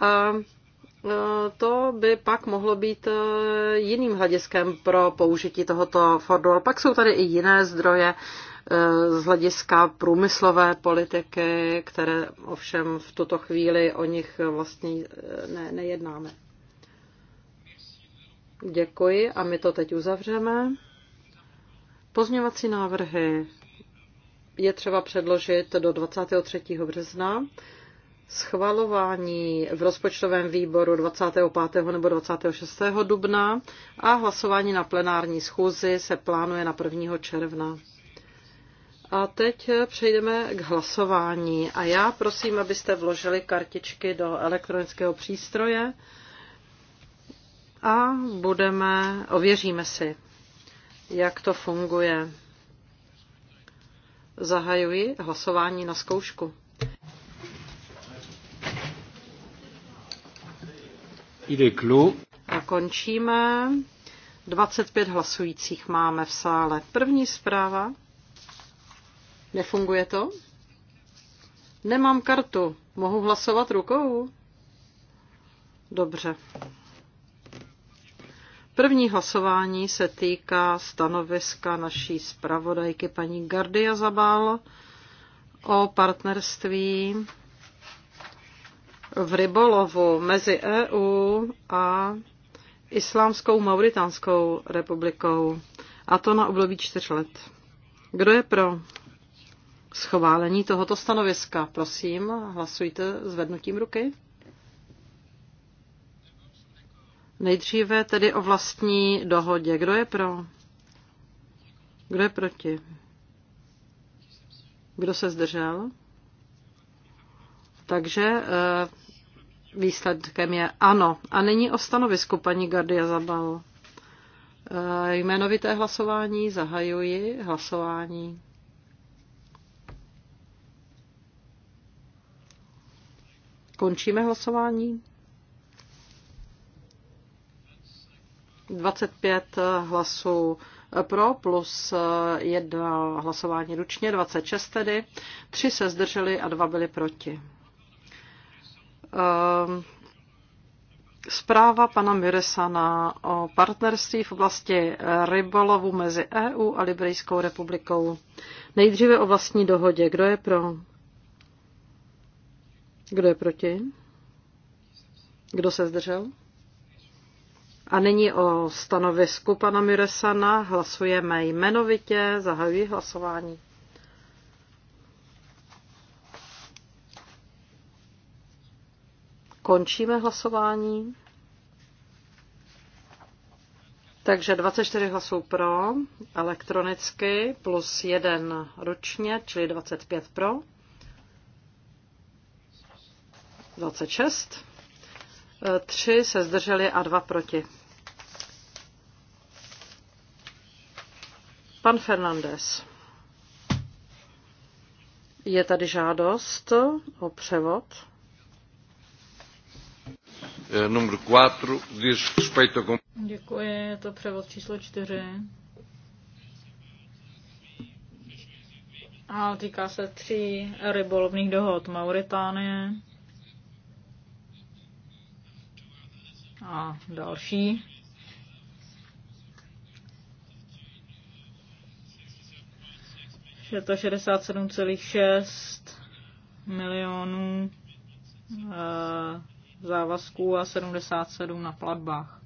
a eh, to by pak mohlo být eh, jiným hlediskem pro použití tohoto fondu. Ale pak jsou tady i jiné zdroje z hlediska průmyslové politiky, které ovšem v tuto chvíli o nich vlastně ne, nejednáme. Děkuji a my to teď uzavřeme. Pozměňovací návrhy je třeba předložit do 23. března. Schvalování v rozpočtovém výboru 25. nebo 26. dubna a hlasování na plenární schůzi se plánuje na 1. června. A teď přejdeme k hlasování. A já prosím, abyste vložili kartičky do elektronického přístroje a budeme, ověříme si, jak to funguje. Zahajuji hlasování na zkoušku. A končíme. 25 hlasujících máme v sále. První zpráva. Nefunguje to? Nemám kartu. Mohu hlasovat rukou? Dobře. První hlasování se týká stanoviska naší zpravodajky paní Gardia Zabal o partnerství v rybolovu mezi EU a Islámskou Mauritánskou republikou. A to na období čtyř let. Kdo je pro schválení tohoto stanoviska? Prosím, hlasujte zvednutím ruky. Nejdříve tedy o vlastní dohodě. Kdo je pro? Kdo je proti? Kdo se zdržel? Takže eh, výsledkem je ano. A nyní o stanovisku paní Gardia Zabal. Eh, jmenovité hlasování zahajuji hlasování. Končíme hlasování. 25 hlasů pro plus jedno hlasování ručně, 26 tedy, tři se zdrželi a dva byli proti. Ehm, zpráva pana Miresana o partnerství v oblasti rybolovu mezi EU a Liberijskou republikou. Nejdříve o vlastní dohodě. Kdo je pro? Kdo je proti? Kdo se zdržel? A nyní o stanovisku pana Miresana hlasujeme jmenovitě, zahajuji hlasování. Končíme hlasování. Takže 24 hlasů pro elektronicky plus 1 ručně, čili 25 pro. 26. Tři se zdrželi a dva proti. Pan Fernandez. Je tady žádost o převod. Eh, número 4 diz respeito a... Děkuji, je to převod číslo 4. A týká se tří rybolovných dohod Mauritánie. a další. Je to 67,6 milionů eh, závazků a 77 na platbách.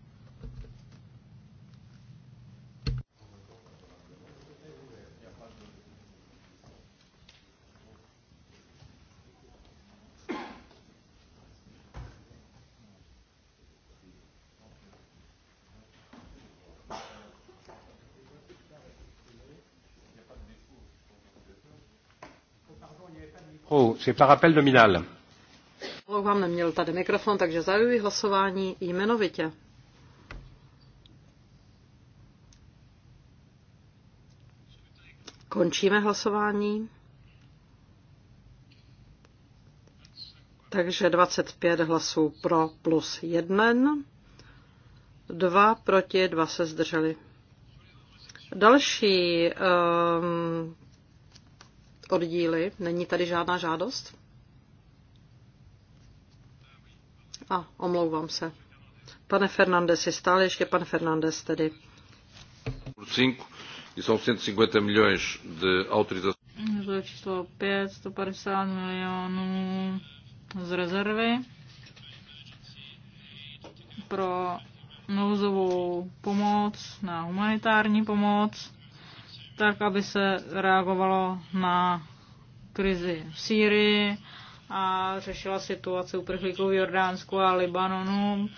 C'est par appel nominal. Vám neměl tady mikrofon, takže zahajuji hlasování jmenovitě. Končíme hlasování. Takže 25 hlasů pro plus 1, 2 proti, 2 se zdrželi. Další um, oddíly. Není tady žádná žádost? A, omlouvám se. Pane je stále ještě pan Fernandes tedy. Jsou e 150 To je číslo 5, 150 milionů z rezervy pro nouzovou pomoc, na humanitární pomoc tak aby se reagovalo na krizi v Sýrii a řešila situaci uprchlíků v Jordánsku a Libanonu,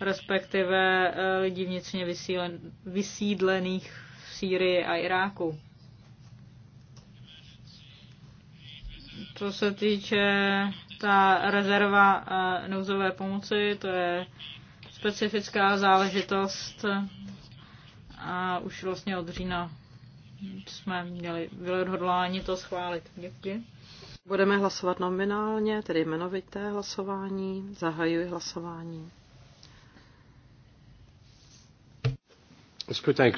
respektive eh, lidí vnitřně vysídlených v Sýrii a Iráku. Co se týče ta rezerva eh, nouzové pomoci, to je specifická záležitost a už vlastně od října jsme měli, byli odhodláni to schválit. Děkuji. Budeme hlasovat nominálně, tedy jmenovité hlasování. Zahajuji hlasování. Scrutin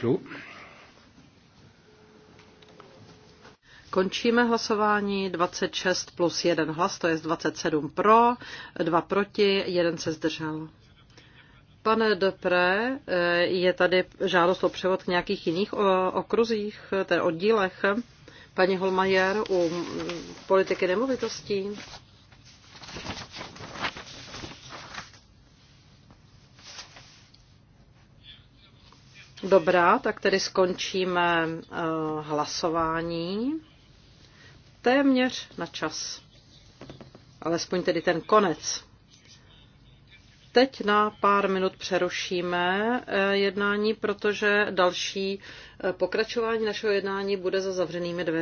Končíme hlasování 26 plus 1 hlas, to je 27 pro, 2 proti, 1 se zdržel. Pane Depré, eh, je tady žádost o převod k nějakých jiných eh, okruzích, tedy oddílech. Paní Holmajer u politiky nemovitostí. Dobrá, tak tedy skončíme eh, hlasování téměř na čas. Alespoň tedy ten konec. Teď na pár minut přerušíme eh, jednání, protože další eh, pokračování našeho jednání bude za zavřenými dveřmi.